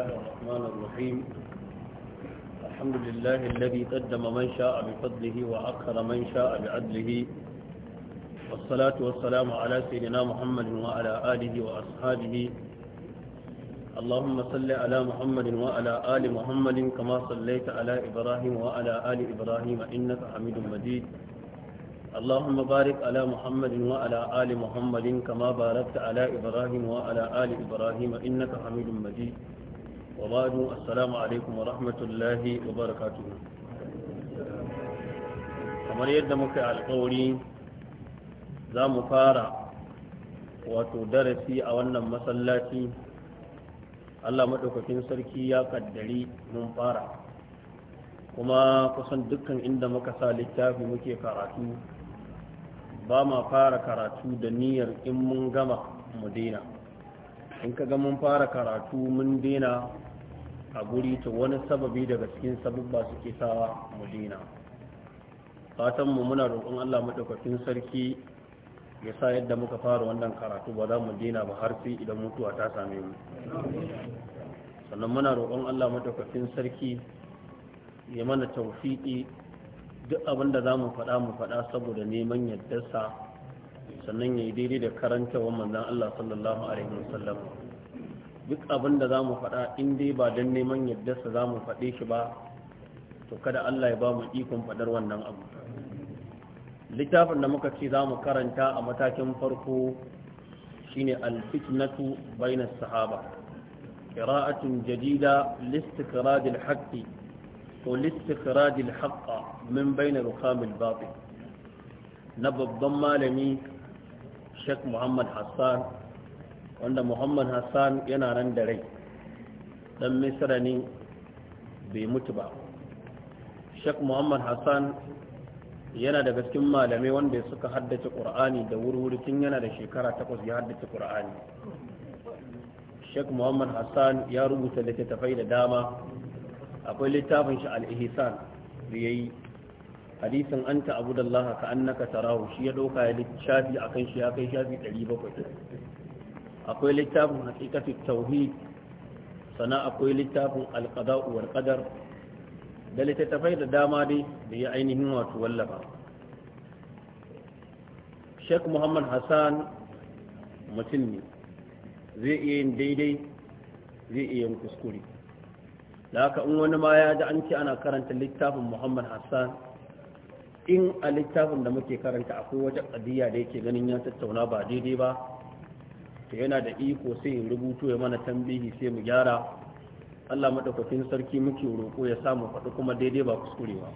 الله الرحمن الرحيم الحمد لله الذي قدم من شاء بفضله وأخر من شاء بعدله والصلاة والسلام على سيدنا محمد وعلى آله وأصحابه اللهم صل على محمد وعلى آل محمد كما صليت على إبراهيم وعلى آل إبراهيم إنك حميد مجيد اللهم بارك على محمد وعلى آل محمد كما باركت على إبراهيم وعلى آل إبراهيم إنك حميد مجيد وبعده السلام عليكم ورحمة الله وبركاته kamar yadda muka alkawari za mu fara wato darasi a wannan masallaci Allah maɗaukakin sarki ya kaddari mun fara kuma kusan dukkan inda muka sa littafi muke karatu ba ma fara karatu da niyyar in mun gama mu daina in ka ga mun fara karatu mun daina a guri to wani sababi daga cikin sababba suke sawa mu dina fatan mu muna roƙon Allah madaukakin sarki ya sa yadda muka fara wannan karatu ba za mu dina ba har sai idan mutuwa ta same mu sannan muna roƙon Allah madaukakin sarki ya mana tawfiqi duk abin da za mu faɗa mu faɗa saboda neman yaddarsa sannan ya yi daidai da karanta wa manzon Allah sallallahu alaihi wasallam duk abin da za mu faɗa in dai ba don neman yaddarsa za mu faɗe shi ba to kada Allah ya ba mu ikon faɗar wannan abu littafin da muka ce za mu karanta a matakin farko shine alfitnatu baina sahaba qira'atun jadida listikrad alhaqq ko listikrad alhaqq min bain ruqam albatil na babban malami Sheikh Muhammad Hassan wanda muhammad hassan yana nan da rai ɗan Misira ne bai mutu ba shek muhammad hassan yana daga cikin malamai wanda suka haddace ƙur'ani da wuri tun yana da shekara takwas ya haddace ƙur'ani shek muhammad hassan ya rubuta littattafai da dama akwai littafin shi alihisan ihsan da yayi hadisin anta abudallah ka annaka tarahu shi ya dauka ya littafi kan shi ya kai shafi 700 akwai littafin hakikatu tauhid sana akwai littafin alƙada'u wal qadar da littattafai da dama dai da ya ainihin wato wallafa Sheikh Muhammad Hassan mutum ne zai iya yin daidai zai iya yin kuskure da haka in wani ma ya ji an ce ana karanta littafin Muhammad Hassan in a littafin da muke karanta akwai wata ƙadiyya da yake ganin ya tattauna ba daidai ba to yana da iko sai ya rubuto ya mana tambihi sai mu gyara Allah madaukakin sarki muke roƙo ya samu faɗi kuma daidai ba kuskurewa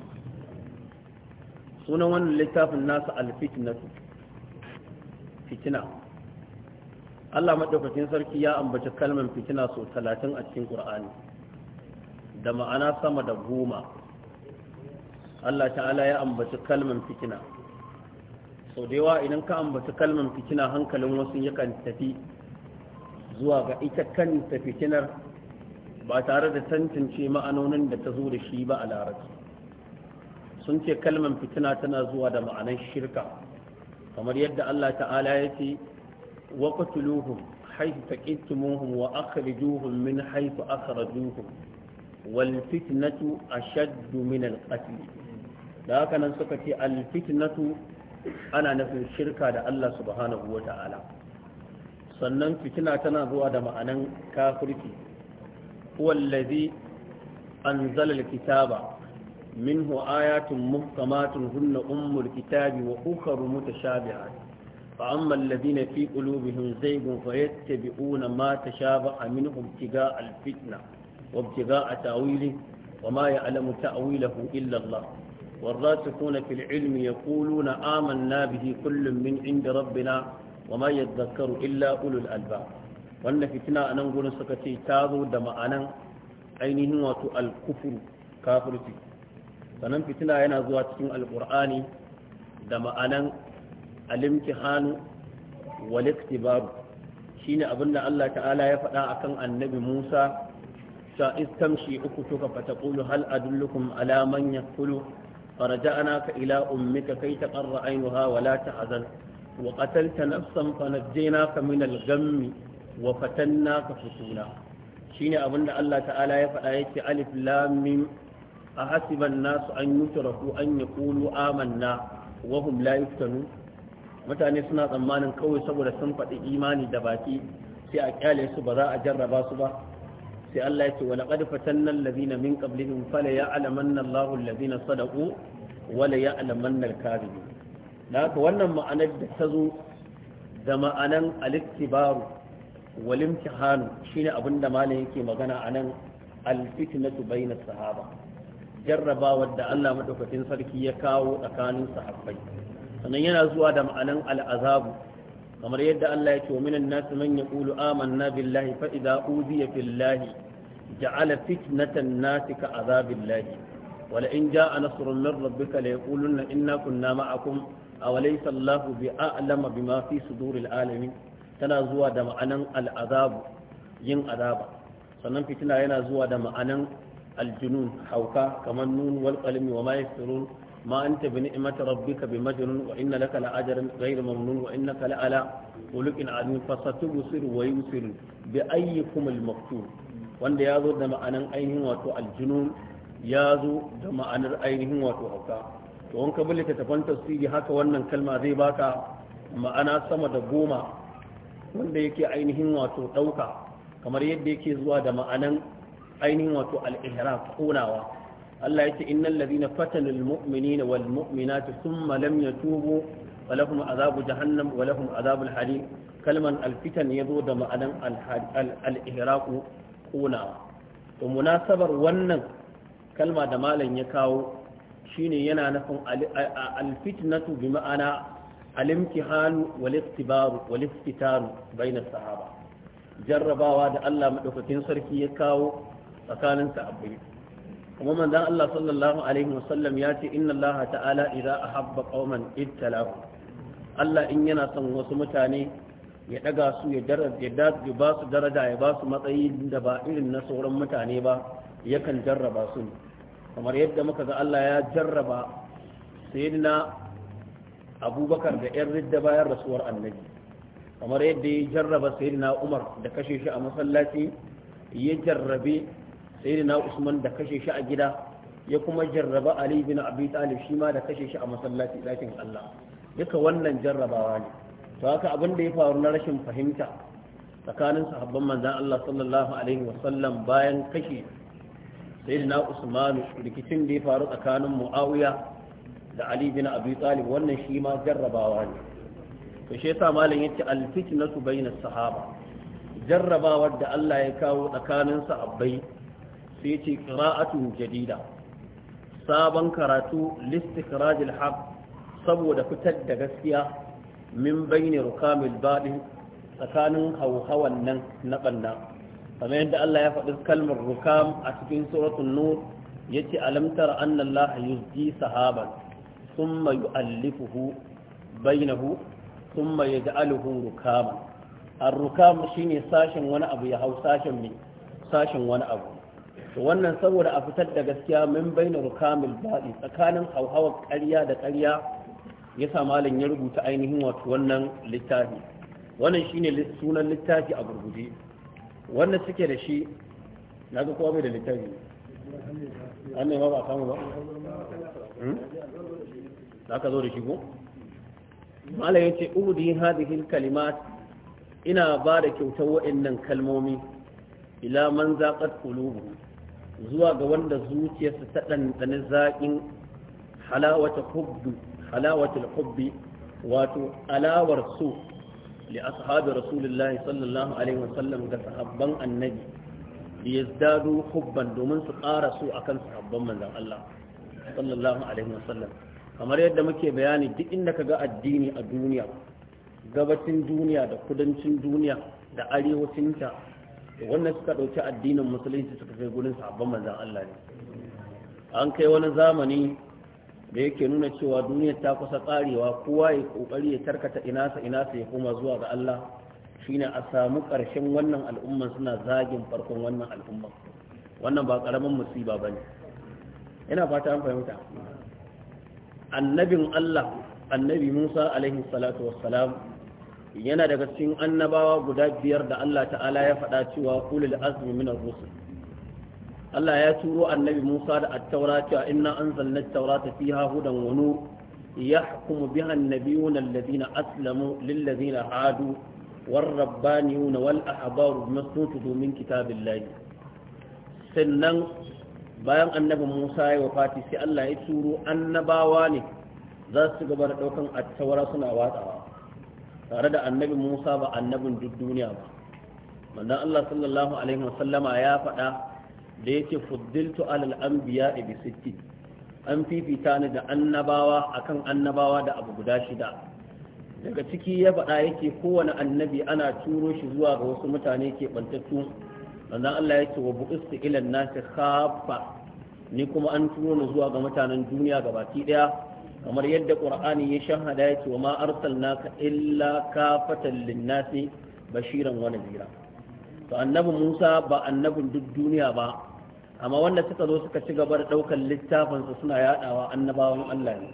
sunan wannan littafin nasa alfitnatu fitina Allah madaukakin sarki ya ambaci kalmar fitina sau talatin a cikin Qur'ani da ma'ana sama da goma Allah ta'ala ya ambaci kalmar fitina sau da yawa idan ka ambaci kalmar fitina hankalin wasu yakan tafi zuwa ga ita kanta fitinar ba tare da tantance ma'anonin da ta zo da shi ba a larabci sun ce kalmar fitina tana zuwa da ma'anar shirka kamar yadda Allah ta'ala ya ce wa qatuluhum haythu taqitumuhum wa akhrijuhum min haythu akhrajuhum wal fitnatu ashaddu min al qatl da haka nan suka ce al fitnatu ana nufin shirka da Allah subhanahu wa ta'ala sannan fitina tana zuwa da ma'anan kafirki wallazi anzalal kitaba minhu ayatun muhkamatun hunna ummul kitabi wa ukharu mutashabihat fa amma alladhina fi qulubihim zaygun fa yattabi'una ma tashabaha minhu ibtigaa'a al-fitna wa ibtigaa'a ta'wili wa ma alamu ta'wilahu illa Allah والراسخون في العلم يقولون آمنا به كل من عند ربنا وما يذكر إلا أولو الألباب وأن فتنا أن نقول سكتي تاغو دم أنا ainihin wato kufuru kafirci sannan fitina yana zuwa cikin alkur'ani da ma'anan alimtihanu wal iktibaru shine abinda Allah ta'ala ya faɗa akan annabi Musa sa istamshi uku tuka fataqulu hal adullukum ala man kulu. فرجعناك إلى أمك كي تقر عينها ولا تحزن وقتلت نفسا فنجيناك من الغم وفتناك فتونا شين أبن الله تعالى يفعل ألف لام ميم أحسب الناس أن يتركوا أن يقولوا آمنا وهم لا يفتنون mutane suna tsammanin kawai saboda sun faɗi imani da baki sai a kyale su ba za a jarraba su ba sai Allah ya ce wa laqad fatanna alladhina min qablihim fala ya'lamanna Allahu alladhina sadaqu wa la ya'lamanna al-kadhibin da wannan ma'anar da ta zo da ma'anan al-ittibaru wal imtihan shine abinda malam yake magana anan al-fitnatu bayna sahaba jarrabawar da Allah madaukakin sarki ya kawo tsakanin sahabbai sannan yana zuwa da ma'anan al-azabu kamar yadda Allah ya ce wa minan nas man yaqulu amanna billahi fa idza udiya fillahi ja'ala fitnatan nas ka azabillahi wala in ja'a nasrun min rabbika la yaquluna inna kunna ma'akum aw laysa Allahu bi'alama bima fi suduril alamin tana zuwa da ma'anan al'azabu yin azaba sannan fitina yana zuwa da ma'anan aljunun hauka kamar nun wal qalmi wa ma yasrun ما أنت بنعمة ربك بمجنون وإن لك لأجر غير ممنون وإنك لألا ولك عظيم فستبصر ويبصر بأيكم المقتول وأن يازو دم أنا أينهم واتو الجنون يازو دم أنا أينهم واتو أوكا وأن قبل تتفن تفسيري هكا وأن الكلمة ذي باكا ما أنا سمد قوما وأن يكي أينهم واتو أوكا كما يدي كي زوا دم أنا أينهم واتو الإهراق قوناوا Allah yace innal ladina fatanul mu'minina wal mu'minati thumma lam yatubu falahum azabu jahannam wa lahum azabul kalman alfitan yazo da ma'anan al-ihraq kuna to munasabar wannan kalma da malam ya kawo shine yana nufin alfitnatu bi ma'ana al-imtihanu wal ikhtibaru wal iftitaru bayna sahaba jarrabawa da Allah madaukakin sarki ya kawo tsakanin sahabbai kuma manzon Allah sallallahu alaihi wasallam ya ce inna Allah ta'ala idza ahabba qauman ibtalahu Allah in yana son wasu mutane ya daga su ya ba su daraja ya ba su matsayi da ba irin na sauran mutane ba yakan jarraba su kamar yadda muka ga Allah ya jarraba sayyidina abubakar da yan ridda bayan rasuwar annabi kamar yadda ya jarraba sayyidina umar da kashe shi a masallaci ya jarrabe sayyidina usman da kashe shi a gida ya kuma jarraba ali bin abi talib shi ma da kashe shi a masallaci dakin Allah duka wannan jarrabawa ne to haka abin da ya faru na rashin fahimta tsakanin sahabban manzon Allah sallallahu alaihi wasallam bayan kashe sayyidina usman rikicin da ya faru tsakanin muawiya da ali bin abi talib wannan shi ma jarrabawa ne to shi yasa malam yace al fitnatu bayna sahaba jarrabawar da Allah ya kawo tsakanin sahabbai sai ya ce ƙira'atun jadida sabon karatu listikrajil haq saboda fitar da gaskiya min bayni rukamil baɗin tsakanin hauhawan nan na ɓanna kamar yadda Allah ya faɗi kalmar rukam a cikin suratun nur ya ce alamtar annan laha yuzji sahaban sun mayu allifuhu bainahu sun mayu ja'aluhu rukaman ar-rukam shine sashen wani abu ya hau sashen mai sashen wani abu wannan saboda a fitar da gaskiya min baina rukamil baɗi tsakanin hauhawar ƙarya da ƙarya ya sa malam ya rubuta ainihin wato wannan littafi wannan shine sunan littafi a gurguje wannan suke da shi na ga kowa bai da littafi an ne ba ba samu ba hmm? za ka zo da shi ko malam ya ce ubudi hadhihi kalimat ina ba da kyautar wa'annan kalmomi ila man zaqat qulubuhum zuwa ga wanda zuciyarsa ta ɗanɗani zaƙin halawata hubbi wato alawar so li ashabi rasulullahi sallallahu alaihi wasallam ga sahabban annabi yazdadu hubban domin su ƙara so akan sahabban manzon Allah sallallahu alaihi wasallam kamar yadda muke bayani duk inda kaga addini a duniya gabacin duniya da kudancin duniya da arewacinta wannan suka ɗauki addinin musulunci suka kai gurin sabon manzan Allah ne an kai wani zamani da yake nuna cewa duniyar ta kusa karewa kowa ya ƙoƙari ya tarkata inasa inasa ya koma zuwa ga Allah shine a samu ƙarshen wannan al'umman suna zagin farkon wannan al'umman. wannan ba ƙaramin musiba bane ina fata an fahimta annabin Allah annabi Musa alaihi salatu wassalam yana daga cikin annabawa guda biyar da Allah ta'ala ya faɗa cewa ulul azmi min ar-rusul Allah ya turo annabi Musa da at-taura cewa inna anzalna at-taurata fiha hudan wa nur yahkumu biha an-nabiyuna alladhina aslamu lilladhina hadu والربانيون والأحبار بما استنتجوا من كتاب الله sannan bayan annabin Musa ya wafati sai Allah ya turo annabawa ne za su gaba da daukan attaura suna watsawa tare da annabi Musa ba annabin duk duniya ba manzon Allah sallallahu alaihi wasallama ya faɗa da yake fuddiltu alal anbiya bi sitti an fifita ni da annabawa akan annabawa da abu guda shida daga ciki ya faɗa yake kowane annabi ana turo shi zuwa ga wasu mutane ke bantattu manzon Allah yake wa bu'istu ilan nasi khaffa ni kuma an turo ni zuwa ga mutanen duniya gabaki daya kamar yadda qur'ani ya shahada yake wa ma arsalnaka illa kafatan linnasi bashiran wa nadira to annabin Musa ba annabin duk duniya ba amma wanda suka zo suka ci gaba da daukar littafin su suna yadawa annabawan Allah ne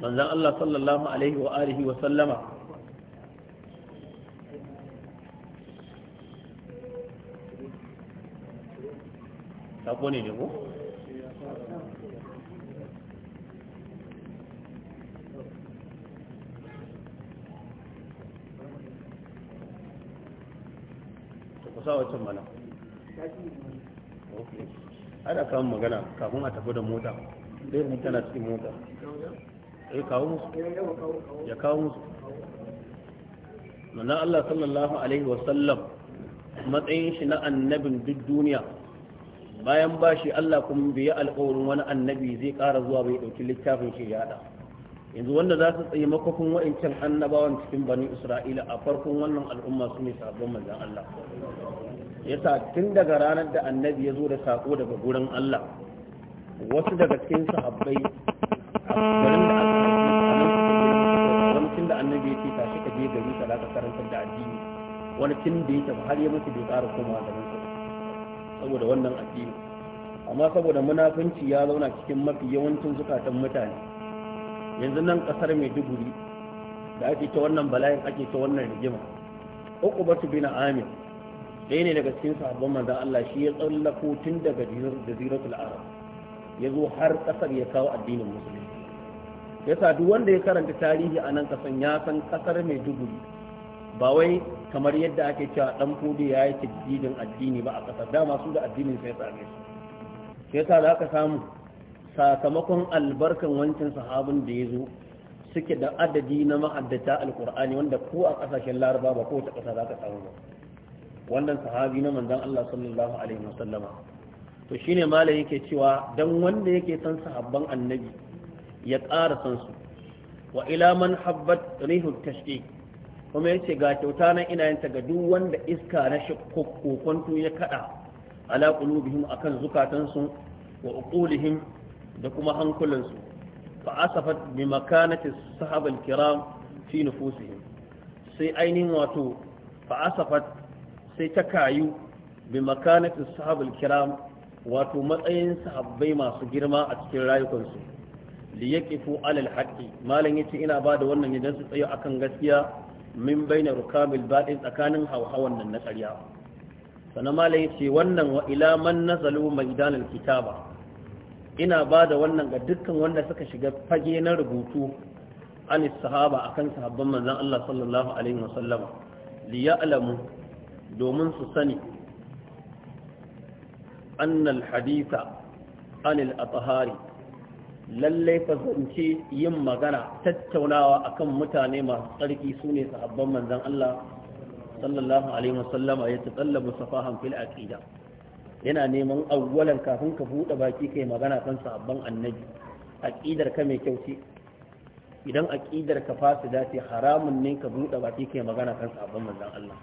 manzon Allah sallallahu alaihi wa alihi wa sallama sako ne ne ko kusa wacin mana ana kawo magana kafin a tafi da mota ɗaya mun tana cikin mota ya eh, kawo musu ya kawo musu manzon Allah sallallahu alaihi wasallam matsayin shi na annabin duk duniya bayan ba shi Allah kuma biya alƙawarin wani annabi zai ƙara zuwa bai ɗauki littafin shi ya haɗa yanzu wanda za su tsaye makwafin wa'ancan annabawan cikin bani isra'ila a farkon wannan al'umma su ne sabon manzan Allah ya sa tun daga ranar da annabi ya zo da sako daga gurin Allah wasu daga cikin sahabbai a da wani da annabi ya ce shi ka je gari ka karanta karantar da addini wani tun da yake tafi har ya mutu bai ƙara komawa da nan saboda wannan addini amma saboda munafunci ya zauna cikin mafi yawancin zukatan mutane yanzu nan kasar maiduguri da ake ta wannan bala'in ake ta wannan rigima uku batu bin amir ɗaya ne daga cikin sahabban manzan Allah shi ya tsallako tun daga jaziratul arab ya zo har kasar ya kawo addinin musulmi yasa duk wanda ya karanta tarihi a nan kasan ya san kasar maiduguri ba wai kamar yadda ake cewa dan kudi ya yi addini ba a kasar dama su da addinin sai same su yasa za ka samu sakamakon albarkan wancan sahabin da ya zo suke da adadi na ma'addata alkur'ani wanda ko a kasashen laraba ba ko ta kasa za ka samu ba wannan sahabi na manzan Allah sallallahu alaihi wasallama to shine malai yake cewa dan wanda yake san sahabban annabi ya ƙara san su wa ila man habbat rihu tashqiq kuma yace ga kyauta nan ina yin ta ga duk wanda iska na shakkokonto ya kada ala qulubihim akan zukatansu wa uqulihim da kuma hankulansu fa asafat bi makanati sahabal kiram fi nufusihim sai ainihin wato fa asafat sai ta kayu bi makanati sahabal kiram wato matsayin sahabbai masu girma a cikin rayukansu li yaqifu alal haqqi malan yace ina ba da wannan idan su tsayo akan gaskiya min baina rukamil badin tsakanin hawhawan nan na ƙarya sannan malan ce wannan wa ila man nazalu maidanal kitaba ina ba da wannan ga dukkan wanda suka shiga fage na rubutu an sahaba akan sahabban manzan Allah sallallahu alaihi wasallama li ya'lamu domin su sani annal haditha anil athari lallai fasance yin magana tattaunawa akan mutane masu tsarki su ne sahabban manzan Allah sallallahu Alaihi wasallama ya tattallabu safahan fil aqida yana neman awwalan kafin ka buɗe baki kai magana kan sabon annabi aqidar ka mai kyau ce idan aqidar ka fasida ce haramun ne ka buɗe baki kai magana kan sabon manzon Allah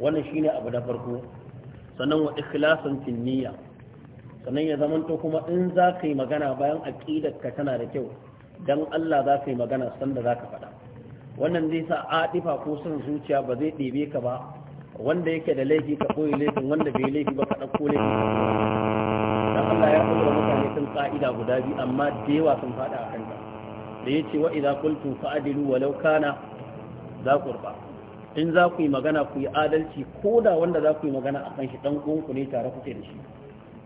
wannan shine abu da farko sannan wa ikhlasan niyya sannan ya zaman to kuma in za ka yi magana bayan aqidar ka tana da kyau dan Allah za ka yi magana sanda za ka faɗa wannan zai sa adifa ko son zuciya ba zai ɗebe ka ba wanda yake da laifi ka koyi laifin wanda bai laifi ba ka ɗauko laifi. dan Allah ya kula mutane sun ka'ida guda biyu amma da yawa sun faɗa a kanta da ce wa idza qultu fa'dilu walau kana za qurba in za ku yi magana ku yi adalci ko da wanda za ku yi magana a kan shi dan uwanku ne tare kuke da shi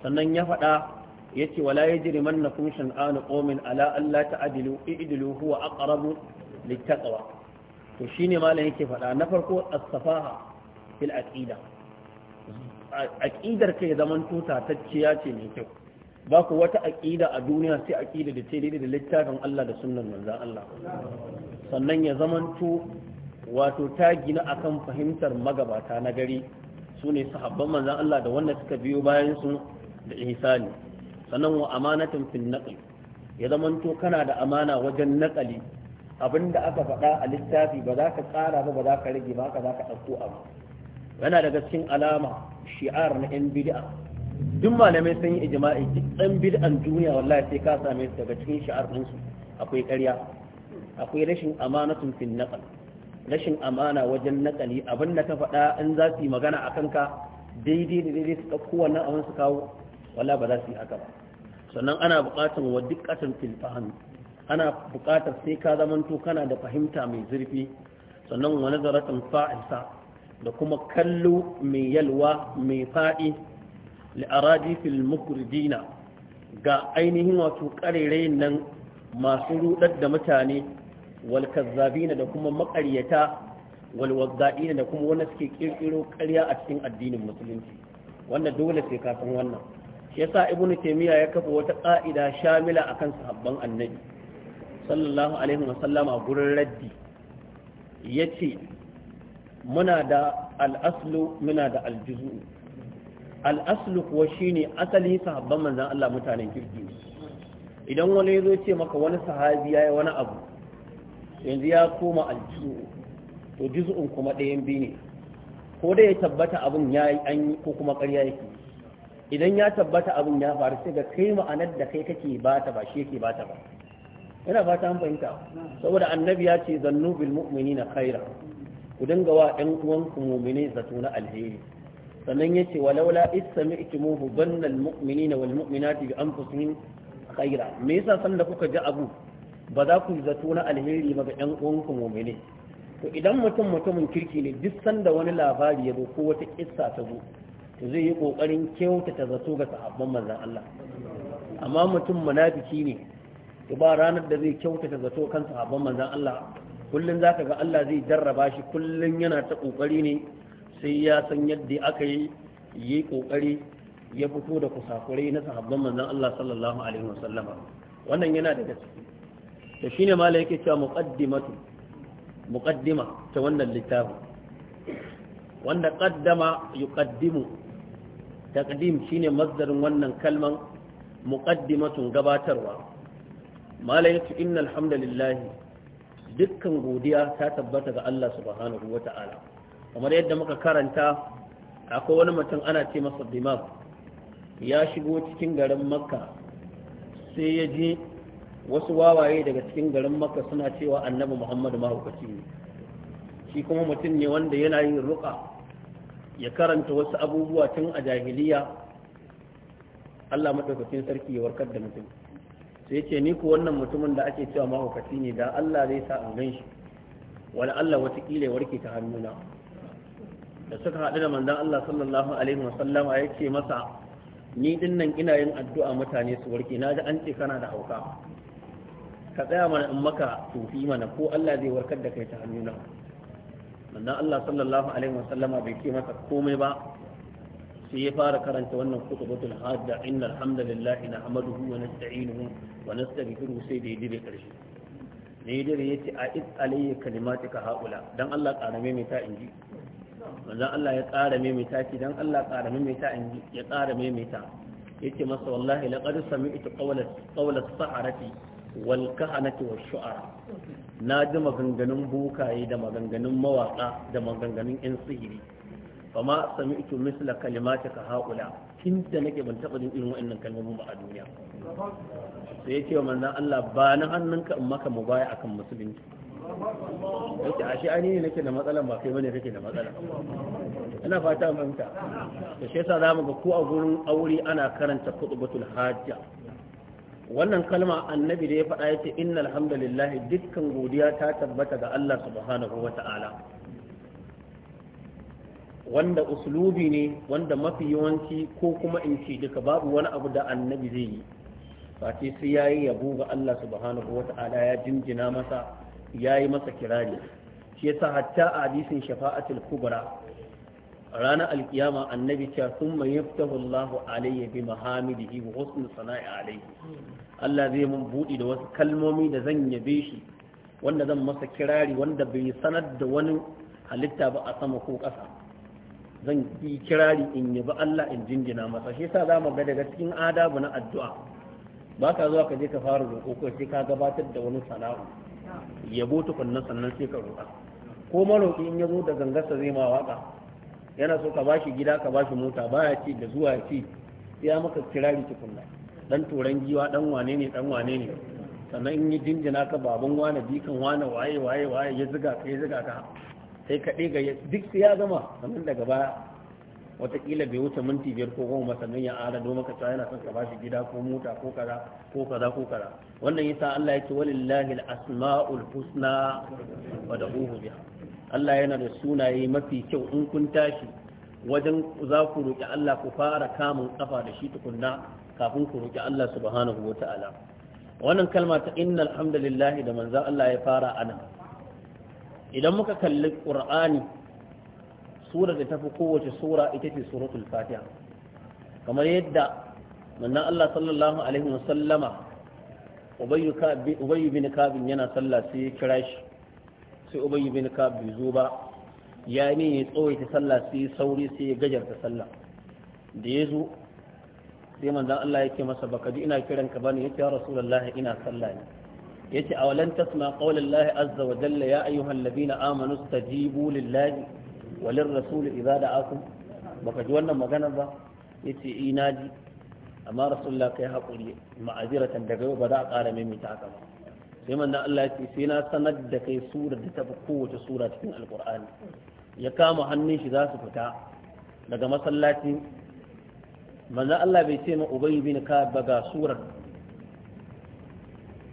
sannan ya faɗa ce wala yajrimannakum shan'anu qawmin ala alla ta'dilu i'dilu huwa aqrabu littaqwa to shine malam yake faɗa na farko as-safaha fil aqida aqidar ka ya zaman tuta tacciya ce mai kyau ba ku wata aqida a duniya sai aqida da ce da littafin Allah da sunnan manzon Allah sannan ya zaman wato ta gina akan fahimtar magabata na gari su ne sahabban manzon Allah da wanda suka biyo bayan su da ihsani sannan wa amanatan fil naqli ya zaman to kana da amana wajen naqali abinda aka faɗa a littafi ba za ka tsara ba ba za ka rage ba ka za ka ɗauko abu yana daga cikin alama shi'ar na yan bid'a duk malamai sun yi ijma'i duk 'yan bid'an duniya wallahi sai ka same su daga cikin shi'ar ɗinsu akwai ƙarya akwai rashin amanatun fil naqal rashin amana wajen nakali abin da ka faɗa in za su yi magana a kanka daidai da daidai su ɗauko wannan abin su kawo wala ba za su yi haka ba sannan ana buƙatar wa dukkan filfahan ana buƙatar sai ka zamanto kana da fahimta mai zurfi sannan wani zaratan fa'isa da kuma kallo mai yalwa mai faɗi li'aradi fil mukurdina ga ainihin wato ƙarere nan masu rudar da mutane kazzabina da kuma maƙaryata wal wadda'ina da kuma wanda suke ƙirƙiro ƙarya a cikin addinin musulunci wanda dole sai kafin wannan shi sa Ibn taymiya ya kafa wata ƙa'ida shamila akan sahabban annabi sallallahu alaihi wa gurin raddi Ya ce. muna da al'aslu muna da aljuzu al'aslu kuwa shine asali sahabban manzan Allah mutanen kirki idan wani zo ce maka wani sahabi ya yi wani abu yanzu ya koma aljuzu to juzu'un kuma ɗayan biyu ne ko dai ya tabbata abin ya yi an ko kuma ƙarya yake idan ya tabbata abin ya faru sai ga kai ma'anar da kai kake ba ta ba shi yake bata ba yana fata an fahimta saboda annabi ya ce zannu bil na kaira. ku dinga wa ɗan uwanku mu'mini zato na alheri sannan yace walaula istami'tumuhu banna almu'minina walmu'minati bi anfusihim khaira me yasa san da kuka ji abu ba za ku yi zato na alheri ba ga ɗan uwanku mu'mini to idan mutum mutumin kirki ne duk sanda wani labari ya zo ko wata kissa ta zo to zai yi kokarin kyautata zato ga sahabban manzon Allah amma mutum munafiki ne to ba ranar da zai kyautata zato kan sahabban manzon Allah kullum za ka ga Allah zai jarraba shi kullum yana ta ƙoƙari ne sai ya san yadda aka yi yi ƙoƙari ya fito da kusakurai na sahabban manzon Allah sallallahu alaihi wasallama wannan yana daga ciki to shine mala yake cewa muqaddimatu muqaddima ta wannan littafin wanda qaddama yuqaddimu taqdim shine masdarin wannan kalman muqaddimatun gabatarwa mala yace innal hamdalillah dukkan godiya ta tabbata ga Allah subhanahu wa ta'ala kamar yadda muka karanta akwai wani mutum ana ce masa dimam ya shigo cikin garin makka sai ya je wasu wawaye daga cikin garin makka suna cewa annabi muhammadu mahaukaci ne shi kuma mutum ne wanda yana yin ruka ya karanta wasu abubuwa tun a jahiliya Allah maɗaukacin sarki ya warkar da mutum sai ce ni ku wannan mutumin da ake cewa mahaukaci ne da Allah zai sa an gan shi Wani Allah watakila ya warke ta hannuna da suka haɗu da manzon Allah sallallahu alaihi wasallam ya ce masa ni din nan ina yin addu'a mutane su warke na ji an ce kana da hauka ka tsaya mana in maka tufi mana ko Allah zai warkar da kai ta hannuna manzon Allah sallallahu alaihi wasallama bai ce masa komai ba sai ya fara karanta wannan kutubatul hadda innal hamdalillahi nahmaduhu wa nasta'inuhu wa nastaghfiruhu sai da ya dire karshe ne ya dire yace a id alayya kalimatika haula dan Allah karame mai ta inji manzon Allah ya karame mai ta ki dan Allah karame mai ta inji ya karame mai ta yace masa wallahi laqad sami'tu qawla qawla as-saharati wal kahanati wash shu'ara na ji maganganun bukaye da maganganun mawaka da maganganun yan sihiri fama sami'tu misla ka haula kin da nake ban taba jin irin wa'annan kalmomin ba a duniya sai yace wa manzon Allah ba na hannunka in maka mubaya akan musulunci yace ashe ani ne nake da matsala ba kai bane kake da matsala ina fata fahimta to shi yasa zamu ga ko a gurin aure ana karanta khutbatul hajja wannan kalma annabi da ya faɗa yace innal hamdalillah dukkan godiya ta tabbata ga Allah subhanahu wata'ala wanda uslubi ne wanda mafi yawanci ko kuma in ce duka babu wani abu da annabi zai yi face sai ya yi yabo ga Allah subhanahu wa ta'ala ya jinjina masa ya yi masa kirari shi yasa hatta a hadisin shafa'atul kubra ranar alkiyama annabi cewa sun mai yaftahu Allahu alayya bi mahamidihi wa husn sana'i alayhi Allah zai mun budi da wasu kalmomi da zan yabe shi wanda zan masa kirari wanda bai sanar da wani halitta ba a sama ko ƙasa zan yi kirari in yi ba Allah in jingina masa shi za mu ga daga cikin adabu na addu'a ba ka zuwa ka je ka fara roƙo ko sai ka gabatar da wani sana'u yabo tukunna sannan sai ka roƙa ko maroƙi in ya zo da gangasta zai ma waka yana so ka bashi gida ka bashi mota baya ci da zuwa ce ya maka kirari tukunna dan turan giwa dan wane ne dan wane ne sannan in yi jinjina ka baban wane bikan wane waye waye waye ya ziga ka ya zuga ka sai ka ga duk ya gama sannan daga baya watakila bai wuce minti biyar ko goma sannan ya arado maka cewa yana son ka bashi gida ko mota ko kaza ko kaza ko kaza wannan yasa Allah yake walillahi al-asma'ul husna wa da'uhu biha Allah yana da sunaye mafi kyau in kun tashi wajen za ku roƙi Allah ku fara kamun kafa da shi tukunna kafin ku roƙi Allah subhanahu wa ta'ala wannan kalma ta innal hamdalillahi da manzo Allah ya fara anan idan muka kalli ƙur'ani surar da tafi kowace sura ita ce suratul fatiha kamar yadda mannan Allah sallallahu alaihi sallama, ubayyu bin kabin yana sallah sai ya kira shi sai ubayyu bin kabin zo ba ya ne ya tsawaita sallah sai sauri sai ya gajarta sallah da ya zo sai manzan Allah yake masa baka ji ina kiranka bane yace ya rasulullahi ina sallah ne yace walan tasma qaulallahi azza wa jalla ya ayyuhal ladina amanu stajibu lillahi walir rasul idza da'akum baka ji wannan magana ba yace ina eh ji amma rasulullah kai hakuri ma'aziratan daga yau ba za a ƙara maimaita ba sai manna Allah ya ce sai na sanar da kai sura da ta fi kowace sura cikin alkur'ani ya kama hannun shi za su fita daga masallaci manzan Allah bai ce ma ubayyi bin ka ba ga surar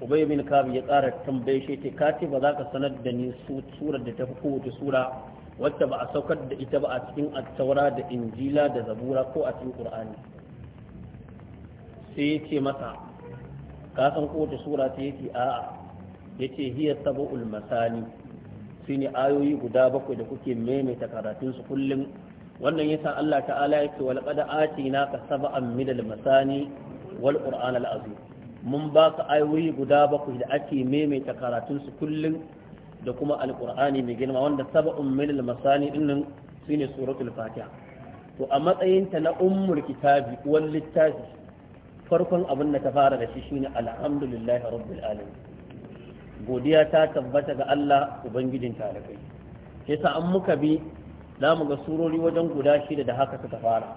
ubai bin kab ya tsara tambaye shi ce kace ba za ka sanar da ni surar da ta fi kowace sura wacce ba a saukar da ita ba a cikin attaura da injila da zabura ko a cikin qur'ani sai ya ce masa ka san kowace sura sai yake? a'a ya ce hiya sab'ul masani shine ayoyi guda bakwai da kuke maimaita karatun su kullum wannan yasa Allah ta'ala yake walqad atina ka sab'an min al-masani wal qur'an al-azim mun ba ka ayoyi guda bakwai da ake maimaita karatunsu kullum da kuma alkur'ani mai girma wanda saba'un minal masani dinnan shine suratul fatiha to a matsayinta na ummul kitabi wal littafi farkon abin da ta fara da shi shine alhamdulillahi rabbil alamin godiya ta tabbata ga Allah ubangijin talibai yasa an muka bi zamu ga surori wajen guda shida da haka suka fara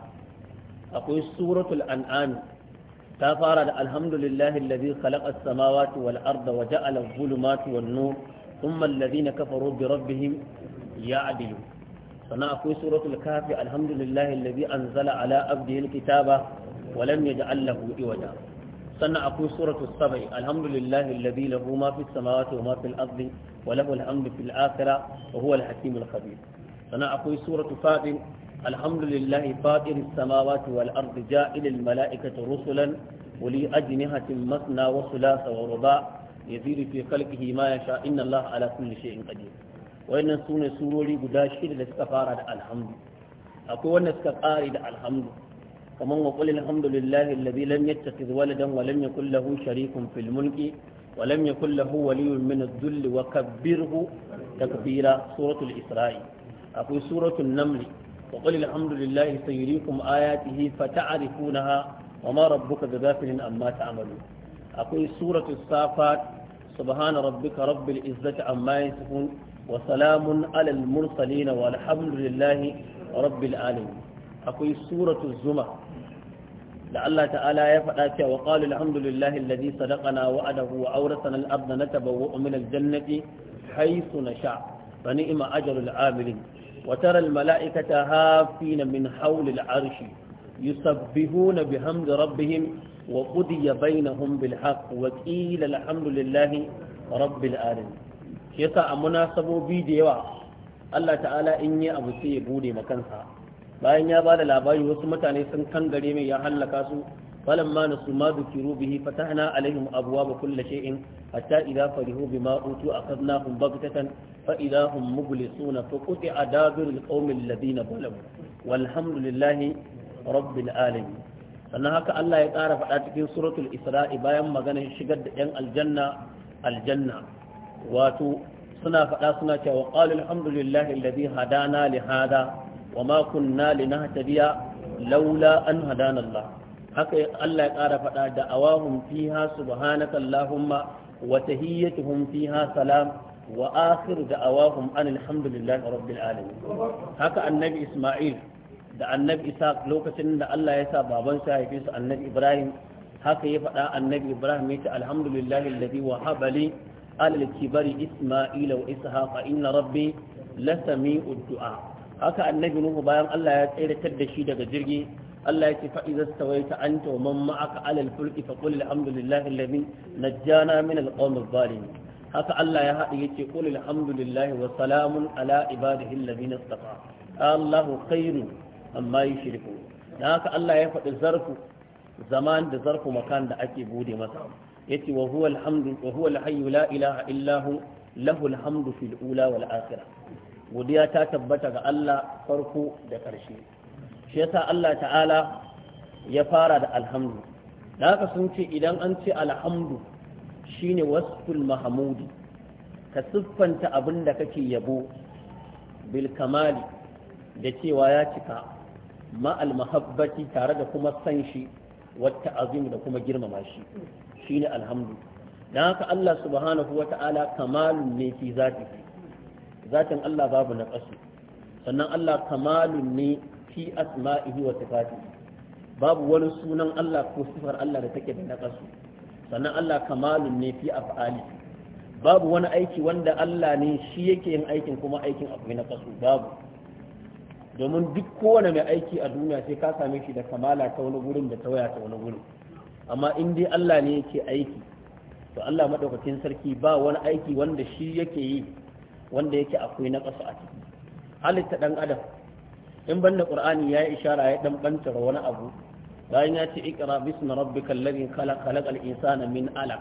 akwai suratul an'am ta fara da alhamdulillahi allazi khalaqa as-samawati wal arda wa ja'ala adh-dhulumati wan nur thumma alladhina kafaru bi rabbihim ya'dilu sannan akwai suratul kafi alhamdulillahi allazi anzala ala abdihi al-kitaba wa lam yaj'al lahu iwaja sannan akwai suratul sabai alhamdulillahi allazi lahu ma fis samawati wa ma fil ardi wa lahu al-hamdu fil akhirah wa huwa al-hakimul khabir sannan akwai suratul fatir الحمد لله فاطر السماوات والأرض جائل الملائكة رسلا ولي أجنهة مثنى وثلاث ورباع يزيد في خلقه ما يشاء إن الله على كل شيء قدير وإن سونة سورولي قداشر لسكفارة الحمد أكون سكفارة الحمد كما وقل الحمد لله الذي لم يتخذ ولدا ولم يكن له شريك في الملك ولم يكن له ولي من الذل وكبره تكبيرا سورة الإسراء أقول سورة النمل وقل الحمد لله سيريكم آياته فتعرفونها وما ربك بغافل عما تعملون أقول سورة الصافات سبحان ربك رب العزة عما يصفون وسلام على المرسلين والحمد لله رب العالمين أقول سورة الزمر لعل تعالى يفعلك وقال الحمد لله الذي صدقنا وعده وأورثنا الأرض نتبوأ من الجنة حيث نشاء فنئم أجر العاملين وترى الملائكة هافين من حول العرش يسبحون بحمد ربهم وقضي بينهم بالحق وقيل الحمد لله رب العالمين yasa a munasabobi da yawa Allah ta'ala in yi abu sai ya buɗe makansa bayan ya ba da labari wasu mutane sun kangare mai ya hallaka su فلما نسوا ما ذكروا به فتحنا عليهم أبواب كل شيء حتى إذا فرحوا بما أوتوا أخذناهم بغتة فإذا هم مبلسون فقطع دابر القوم الذين ظلموا والحمد لله رب العالمين sannan haka Allah ya ƙara faɗa cikin suratul isra'i bayan maganar shigar da ‘yan aljanna aljanna wato suna faɗa suna cewa ƙalil alhamdulillahi alladhi hadana li hada wa ma kunna linahtadiya laula an hada Allah haka Allah ya ƙara faɗa da awahum fiha subhanaka allahumma wa tahiyyatuhum fiha salam wa akhir da awahum an alhamdulillahi rabbil alamin haka annabi Isma'il da annabi Isa lokacin da Allah ya sa baban sa ya su annabi Ibrahim haka ya faɗa annabi Ibrahim ya ce alhamdulillahi alladhi wahaba li al-kibari isma'il wa Ishaqa inna rabbi lasami'ud du'a haka annabi Nuhu bayan Allah ya tsayar da shi daga jirgi Allah yake fa idza stawaita anta wa man ma'aka alal fulki fa qul alhamdulillahi alladhi najjana min alqawmi adh-dhalimin haka Allah ya haɗa yake qul alhamdulillahi wa salamun ala ibadihi alladhina istafa Allahu khairu amma yushrikun dan haka Allah ya faɗi zarfu da zarfu makan da ake bude masa yace wa huwa alhamdu wa huwa alhayyu la ilaha illa fil ula wal godiya ta tabbata ga Allah farko da ƙarshe shi yasa Allah ta'ala ya fara da alhamdu da haka sun ce idan an ce alhamdu shine wasful mahamudi ka siffanta abin da kake yabo bil kamali da cewa ya cika ma'al mahabbati tare da kuma san shi wata azim da kuma girmama shi shine alhamdu dan haka Allah subhanahu wata'ala kamalun ne fi zatin Allah babu na sannan Allah kamalun ne fi asma'ihi wa sifati babu wani sunan Allah ko sifar Allah da take da nakasu sannan Allah kamalun ne fi af'ali babu wani aiki wanda Allah ne shi yake yin aikin kuma aikin akwai nakasu babu domin duk kowane mai aiki a duniya sai ka same shi da kamala ta wani gurin da tawaya ta wani gurin amma in dai Allah ne yake aiki to Allah madaukakin sarki ba wani aiki wanda shi yake yi wanda yake akwai na kasu a ciki halitta ɗan adam in banda qur'ani ya yi ishara ya dan bantara wani abu bayan ya ce ikra bismi rabbikal ladhi khalaq khalaqal insana min alaq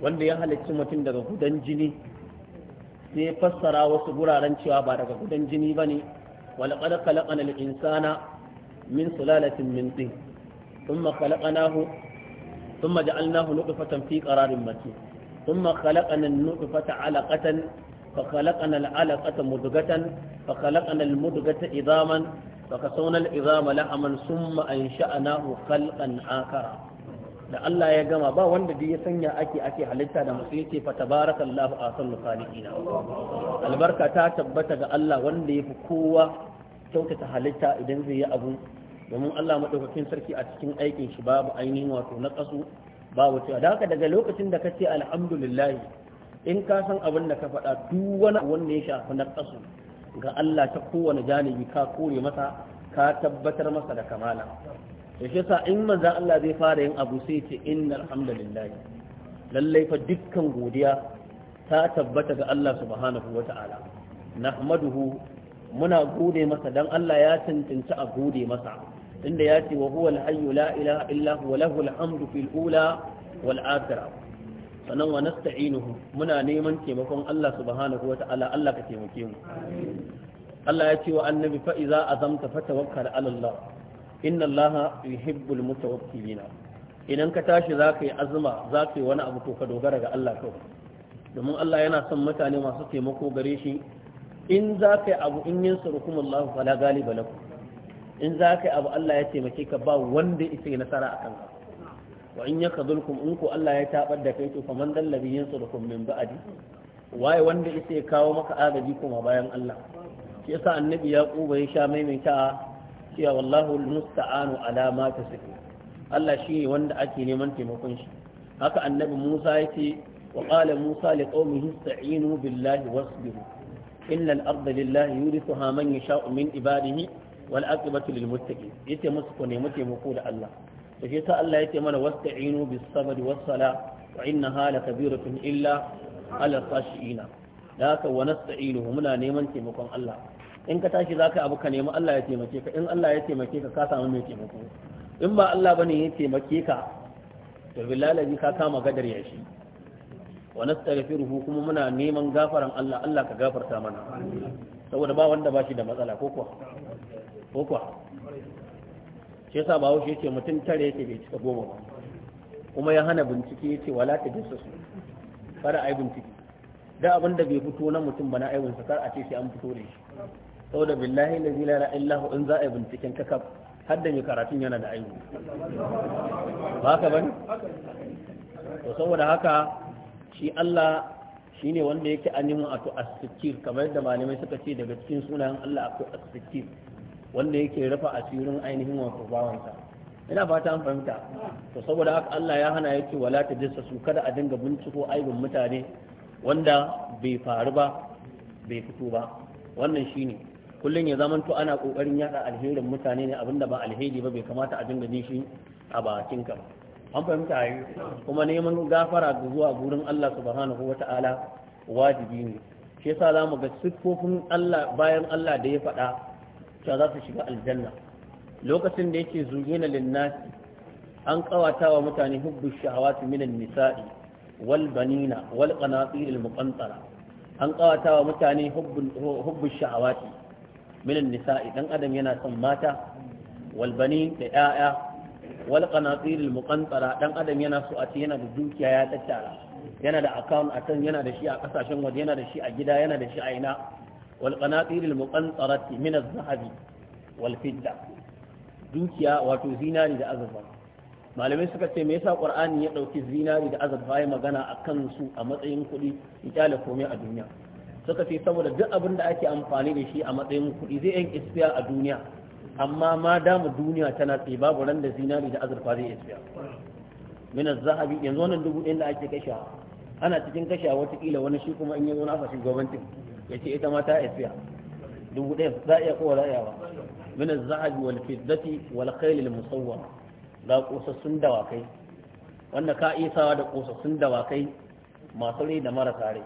wanda ya halicci mutum daga gudan jini sai fassara wasu guraren cewa ba daga gudan jini ba bane wal qad na insana min sulalatin min tin thumma khalaqnahu thumma ja'alnahu fatan fi qararin makin thumma khalaqna an-nutfata 'alaqatan فخلقنا العلقة مدغة فخلقنا المدغة عظاما فكسونا العظام لحما ثم أنشأناه خلقا آخر da Allah ya gama ba wanda da ya sanya ake ake halitta da masu yake fa tabarakallahu ahsanul khaliqina albarka ta tabbata ga Allah wanda ya fi kowa kyautata halitta idan zai yi abu domin Allah madaukakin sarki a cikin aikin shi babu ainihin wato na kasu babu cewa da haka daga lokacin da kace alhamdulillah in ka san abin da ka faɗa duk wani wanda ya shafi na ƙasu ga Allah ta kowane janibi ka kore masa ka tabbatar masa da kamala da shi sa in manzan Allah zai fara yin abu sai ce inna alhamdulillah lallai fa dukkan godiya ta tabbata ga Allah subhanahu wata'ala nahmaduhu muna gode masa dan Allah ya tantance a gode masa inda ya ce wa huwa al la ilaha illa huwa lahu fil ula wal akhirah sannan wa nasta'inuhu muna neman taimakon Allah subhanahu wata'ala Allah ka taimake mu Allah ya ce wa annabi fa iza azamta fatawakkal ala Allah inna Allah yuhibbul mutawakkilin idan ka tashi zaka yi azuma zaka yi wani abu to ka dogara ga Allah kawai domin Allah yana son mutane masu taimako gare shi in zaka yi abu in yansurukum Allah fala galiba lakum in zaka yi abu Allah ya taimake ka ba wanda yake nasara akan ka wa in yakadhulkum in ku Allah ya tabar da kai to faman dallabi yansurukum min ba'di waye wanda yake kawo maka agaji kuma bayan Allah shi yasa annabi yaquba ya sha maimaita cewa wallahu almusta'anu ala ma tasifu Allah shi ne wanda ake neman taimakon shi haka annabi Musa yake wa qala Musa liqaumihi ista'inu billahi wasbiru innal arda lillahi yurithuha man yasha'u min ibadihi wal aqibatu lil muttaqin yace musu ku nemi taimako da Allah da shi sa Allah ya ce mana wasta'inu bis sabr was sala wa innaha lakabiratun illa ala ina. da haka wa nasta'inuhu muna neman taimakon Allah in ka tashi za zaka abu ka nemi Allah ya taimake ka in Allah ya taimake ka ka samu mai taimako in ba Allah ba ne ya taimake ka to billahi ka kama gadar ya shi wa nastaghfiruhu kuma muna neman gafaran Allah Allah ka gafarta mana saboda ba wanda ba shi da matsala ko kuwa ko kuwa shi yasa ba haushe yace mutum tare yake bai cika goma ba kuma ya hana bincike yace wala ta su? kada ai bincike da abin da bai fito na mutum bana na aibin sa kar a ce sai an fito da shi saboda billahi la ilaha illahu in za a binciken ka kaf har da mai karatun yana da aibu ba ka bane to saboda haka shi Allah shi ne wanda yake animu a to as kamar yadda malamai suka ce daga cikin sunayen Allah akwai as wanda yake rafa asirin ainihin wato bawansa ina fata an fahimta to saboda haka Allah ya hana yake wala ta jissa su kada a dinga binciko aibin mutane wanda bai faru ba bai fito ba wannan shine kullun ya zamanto ana kokarin yada alherin mutane ne abinda ba alheri ba bai kamata a dinga nishi a bakin ka an fahimta yi kuma neman gafara ga zuwa gurin Allah subhanahu wata'ala wajibi ne shi yasa zamu ga siffofin Allah bayan Allah da ya faɗa cewa za su shiga aljanna lokacin da yake zuyuna linnasi an kawata wa mutane hubbu shahawati minan nisa'i wal banina wal qanatir al muqantara an kawata wa mutane hubbu shahawati minan nisa'i dan adam yana son mata wal banin da yaya wal qanatir al muqantara dan adam yana so a ce yana da dukiya ya tattara yana da account a can yana da shi a kasashen waje yana da shi a gida yana da shi a ina والقناطير المقنطرة من الذهب والفضة dukiya wato zinari da azurfa malamai suka ce me yasa qur'ani ya dauki zinari da azurfa ya magana akan su a matsayin kuɗi ya komai a duniya suka ce saboda duk abin da ake amfani da shi a matsayin kuɗi zai yin isfiya a duniya amma ma dama duniya tana tsaye babu ran da zinari da azurfa zai isfiya min zahabi yanzu wannan dubu ɗin da ake kasha ana cikin kasha watakila wani shi kuma in ya zo na fashin gwamnatin ya ce ita ma ta isiya dubu ɗaya za a iya kowa za a yawa min zahabi wal fiddati wal khayl da kosassun dawakai wanda ka isawa da kosassun dawakai masu rai da marasa rai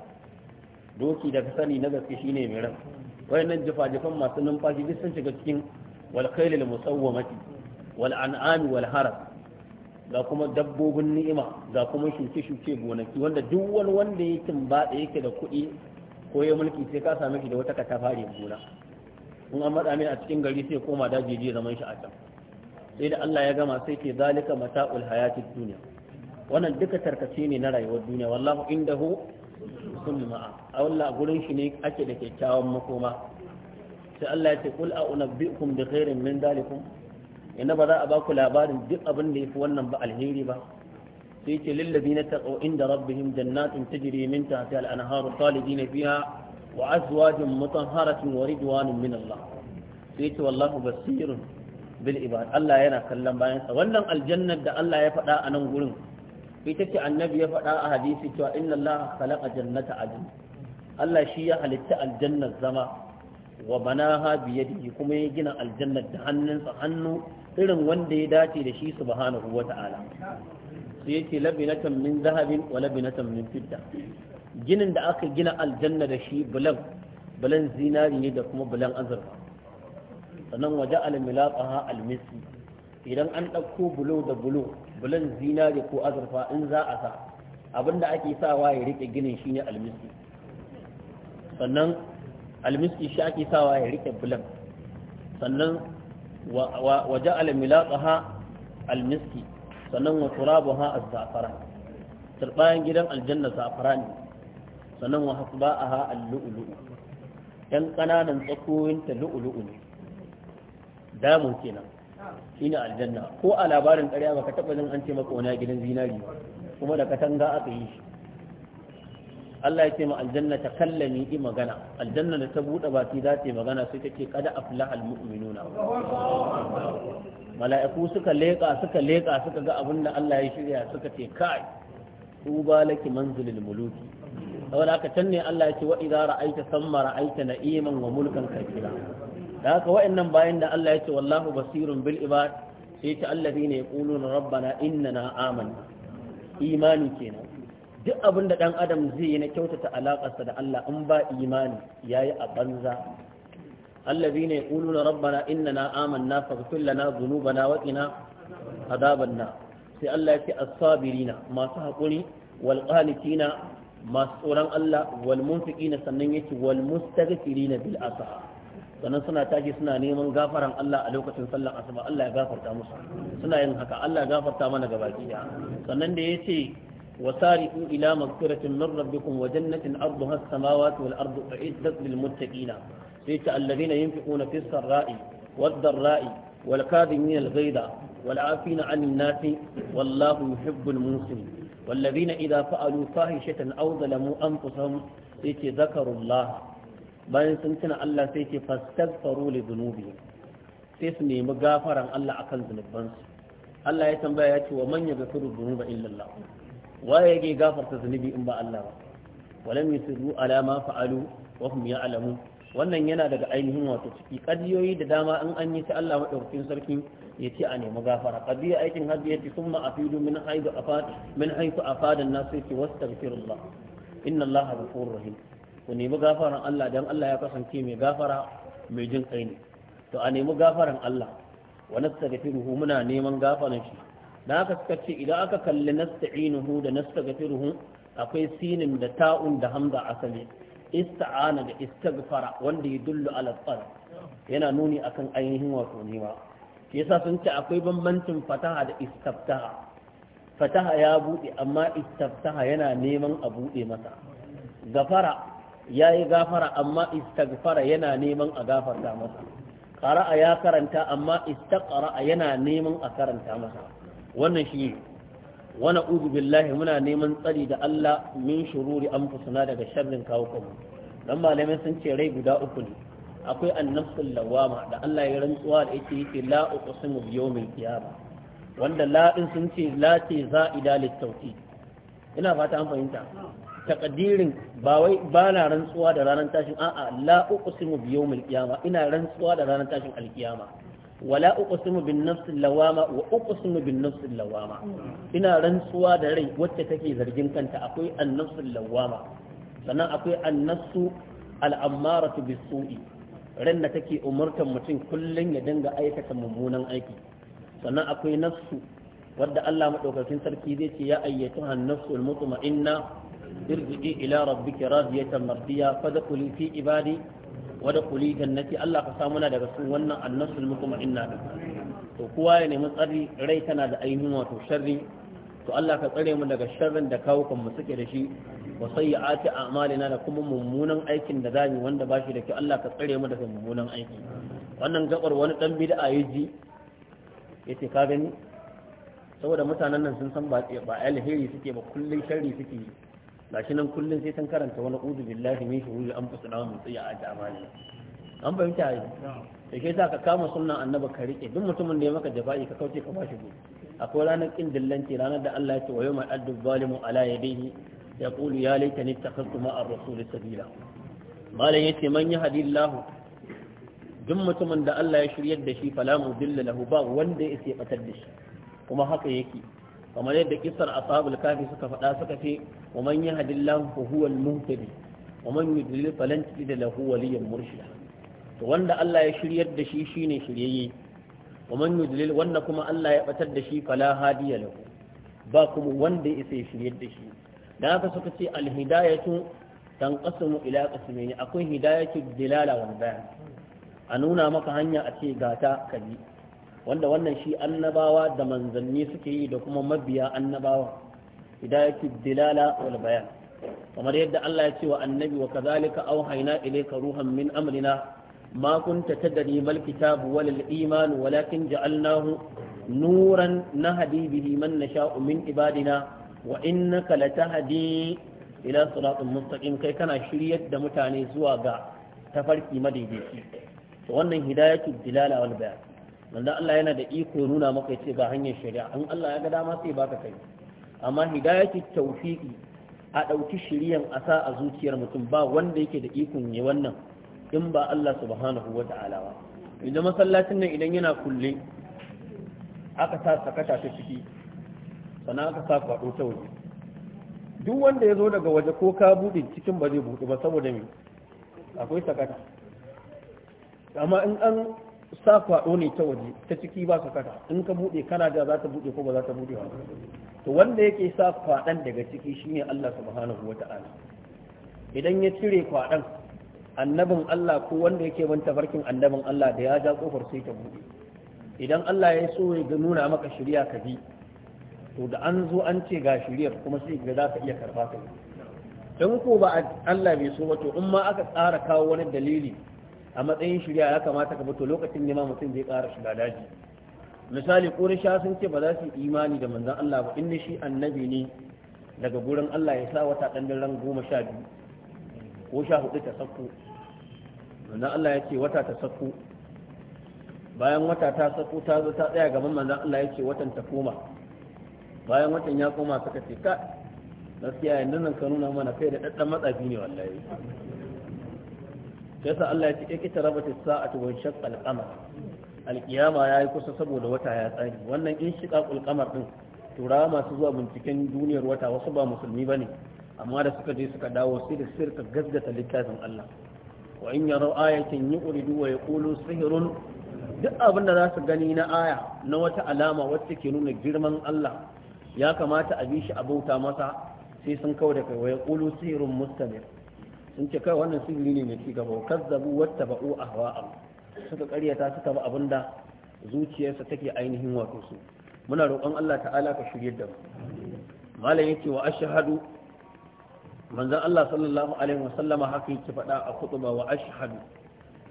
doki da ka sani na gaske shine mai ran wayannan jifa-jifan masu numfashi duk sun shiga cikin wal khayl musawwamati wal an'am wal ga kuma dabbobin ni'ima ga kuma shuke-shuke gonaki wanda duk wani wanda ya timba da yake da kuɗi ko ya mulki sai ka sami shi da wata da gona in an matsa min a cikin gari sai koma daji je zaman shi a can sai da Allah ya gama sai ke zalika mata'ul hayati duniya wannan duka tarkace ne na rayuwar duniya wallahu indahu husnul ma'a a gurin shi ne ake da kyakkyawan makoma sai Allah ya ce kul a unabbi'ukum bi khairin min dalikum inna ba za a ba ku labarin duk abin da yafi wannan ba alheri ba sai ce lillazina taqaw inda rabbihim jannatin ta min tahtiha al-anharu na biya wa mutan mutahharatun wa ridwanun min Allah sai ce wallahu basirun bil ibad Allah yana kallon bayan sa wannan aljannar da Allah ya faɗa a nan gurin ita ce annabi ya faɗa a hadisi cewa inna Allah khalaqa jannata ajin Allah shi ya halitta aljannar zama wa banaha bi kuma ya gina aljannar da hannunsa hannu irin wanda ya dace da shi subhanahu wata'ala sai yace labinatan min zahabin wa labinatan min fidda ginin da aka gina aljanna da shi bulan bulan zinari ne da kuma bulan azurfa sannan waje almilaqaha almisi idan an ɗauko bulo da bulo bulan zinari ko azurfa in za a sa abinda ake sawa ya rike ginin shi ne almisi sannan almisi shi ake sawa ya rike bulan sannan waje almilaqaha almisi sannan wa turabuha az-za'fara turbayan gidan aljanna za'fara ne sannan wa hasba'aha al-lu'lu yan kananan tsakoyin ta lu'lu'u ne damu kenan ne aljanna ko a labarin ƙarya ka taɓa zan an ce maka wani gidan zinari kuma da katanga aka yi shi Allah ya ce ma aljanna ta kallami yi magana aljanna da ta buɗe baki za ta yi magana sai ta ce kada aflaha almu'minuna mala'iku suka leƙa suka leƙa suka ga abin da Allah ya shirya suka ce kai tuba laki manzilil muluki saboda haka can ne Allah ya ce wa idza ra'aita samma ra'aita na'iman wa mulkan kabira da haka wa'annan bayan da Allah ya ce wallahu basirun bil ibad sai ta allazina yaquluna rabbana innana amanna imani kenan duk abin da ɗan adam zai yi na kyautata alaƙarsa da Allah in ba imani ya yi a banza allazi ne ƙuluna rabbana inna na amanna faghfir lana na wa na adhaban nar sai Allah ya ce as-sabirina masu haƙuri wal na masu tsoron Allah wal na sannan yace wal mustaghfirina bil asha sannan suna tashi suna neman gafaran Allah a lokacin sallar asuba Allah ya gafarta musu suna yin haka Allah ya gafarta mana gabaki sannan da yace وسارئوا إلى مغفرة من ربكم وجنة أرضها السماوات والأرض أعدت للمتقين ليس الذين ينفقون في السراء والضراء والكاذبين الغيظ والعافين عن الناس والله يحب المنصفين والذين إذا فعلوا فاحشة أو ظلموا أنفسهم ليس ذكروا الله bayan sun tuna Allah sai ce fastaghfaru li dhunubi sai su nemi gafaran Allah akan zunubansu Allah ya tambaya ya ce wa man yaghfiru dhunuba illa Allah waye yake gafarta zunubi in ba Allah ba walam yusiru ala ma fa'alu wa hum ya'lamun wannan yana daga ainihin wato ciki kadiyoyi da dama in an yi ta Allah madaukakin sarki ya ce a nemi gafara kadiya aikin hajji ya ce kuma afidu min haidu afad min haidu afad an nasu yake wastaghfirullah inna Allah ghafurur rahim ku nemi gafaran Allah dan Allah ya kasance mai gafara mai jin kai ne to a nemi gafaran Allah wa nastaghfiruhu muna neman gafaran shi da haka suka ce idan aka kalli nasta'inuhu da nastaghfiruhu akwai sinin da ta'un da hamza asali ista'ana da istaghfara wanda ya dullu ala yana nuni akan ainihin wato nema ke yasa sun ce akwai bambancin fataha da istaftaha fataha ya bude amma istaftaha yana neman a bude masa gafara ya yi gafara amma istaghfara yana neman a gafarta masa ƙara'a ya karanta amma istaqra'a yana neman a karanta masa wannan shi wani uzu billahi muna neman tsari da Allah min shururi an fusuna daga sharrin kawo kanmu dan malamai sun ce rai guda uku ne akwai annafsul lawama da Allah ya rantsuwa da yake yake la uqsimu bi yawmil qiyamah wanda la din sun ce la ce za'ida litauti. ina fata an fahimta takadirin ba wai ba na rantsuwa da ranar tashin a'a la uqsimu bi yawmil qiyamah ina rantsuwa da ranar tashin alkiyama wala uqsimu bin nafs lawama wa uqsimu bin lawama ina rantsuwa da rai wacce take zargin kanta akwai an lawama sannan akwai an-nafs al-ammaratu bis-su'i ran da take umurtar mutum kullum ya dinga aikata mummunan aiki sannan akwai nafsu wadda Allah madaukakin sarki zai ce ya ayyatuha an-nafs al-mutma'inna irji'i ila rabbika radiyatan mardiya fadkhuli fi ibadi wada kuli jannati Allah ka samu na daga sun wannan annasul mukuma inna din to kowa ya nemi tsari rai tana da ainihin wato sharri to Allah ka tsare mu daga sharrin da kan mu suke da shi wa sayyi'ati a'malina da kuma mummunan aikin da zamu wanda shi da kyau Allah ka tsare mu daga mummunan aiki wannan gabar wani dan bid'a yaji yace ka gani saboda mutanen nan sun san ba ba alheri suke ba kullun sharri suke yi gashi nan kullum sai san karanta wani udu billahi min shururi an fusu na mun tsaya a jamani an fahimta yi da ke ka kama sunan annaba ka rike duk mutumin da ya maka jafa'i ka kauce ka bashi gudu akwai ranar kin dillanci ranar da Allah ya ce wa yau mai addu zalimu ala yadihi ya kulu ya laita ni takhassu ma ar-rasul sabila malam yace man yahdillahu duk mutumin da Allah ya shiryar da shi fala mudilla lahu ba wanda ya sai batar da shi kuma haka yake kamar yadda kisar ashabul kafi suka faɗa suka ce wa man yahdillahu fa huwa al-muhtadi wa man yudlil falan tajid lahu waliyyan murshida to wanda Allah ya shiryar da shi shine shiryayye wa man yudlil wanda kuma Allah ya batar da shi fala hadiya lahu ba kuma wanda ya isa shiryar da shi dan haka suka ce al-hidayatu tanqasimu ila qismaini akwai hidayatu dilala wal bayan a nuna maka hanya a ce gata kabi wanda wannan shi annabawa da manzanni suke yi da kuma mabiya annabawa hidayatul dilala wal bayan kamar yadda Allah ya ce wa annabi wa kazalika auhayna ilayka ruhan min amrina ma kunta tadri mal kitabu wal iman walakin ja'alnahu nuran nahdi bihi man nasha'u min ibadina wa innaka latahdi ila siratin mustaqim kai kana shiryar da mutane zuwa ga tafarki madaidaici to wannan hidayatul dilala wal bayan manzo Allah yana da iko nuna maka yace ba hanyar shari'a an Allah ya ga dama sai baka kai amma hidayatu tawfiqi a dauki shiriyan sa a zuciyar mutum ba wanda yake da ikon ne wannan in ba Allah subhanahu wata'ala ba idan masallacin nan idan yana kulle aka sa sakata ta ciki sannan aka sa kwado ta waje duk wanda ya zo daga waje ko ka buɗe cikin ba zai buɗe ba saboda me akwai sakata amma in an sa kwaɗo ne ta waje ta ciki ba ka kada. in ka buɗe kana da za ta buɗe ko ba za ta buɗe ba to wanda yake sa kwaɗan daga ciki shine Allah subhanahu wata'ala idan ya cire kwaɗan annabin Allah ko wanda yake ban tafarkin annabin Allah da ya ja kofar sai ta buɗe idan Allah ya so ya ga nuna maka shirya ka bi to da an zo an ce ga shiryar kuma sai ga za ka iya karɓa ka bi ko ba Allah bai so ba to in ma aka tsara kawo wani dalili a matsayin shirya ya kamata ka bato lokacin nema mutum zai ƙara shiga daji misali ƙurisha sun ce ba za su imani da manzan Allah ba inda shi annabi ne daga gurin Allah ya sa wata ɗan ran goma sha biyu ko sha hudu ta sakko manzan Allah ya ce wata ta sakko bayan wata ta sakko ta zo ta tsaya gaban manzan Allah ya ce watan ta koma bayan watan ya koma suka ce ka gaskiya yanzu nan ka nuna mana kai da ɗaɗɗan matsafi ne wallahi yasa Allah ya ce kita rabata sa'atu wa shaqqa al-qamar al-qiyama yayi kusa saboda wata ya tsari wannan in shiqaqul qamar din tura masu zuwa binciken duniyar wata wasu ba musulmi bane amma da suka je suka dawo sai da sirka gasgata littafin Allah wa in yaraw ayatin yuridu wa yaqulu sihrun duk abin da za su gani na aya na wata alama wacce ke nuna girman Allah ya kamata a bi shi a bauta masa sai sun kawo da kai wa yaqulu sihrun mustamir sun ce kai wannan sihiri ne mai cigaba kazzabu a ahwa'ahum suka karyata suka ba abinda zuciyarsa take ainihin wato su muna roƙon Allah ta'ala ka shirye da mu malam yake wa ashhadu manzon Allah sallallahu alaihi wasallama haka yake faɗa a kutuba wa ashhadu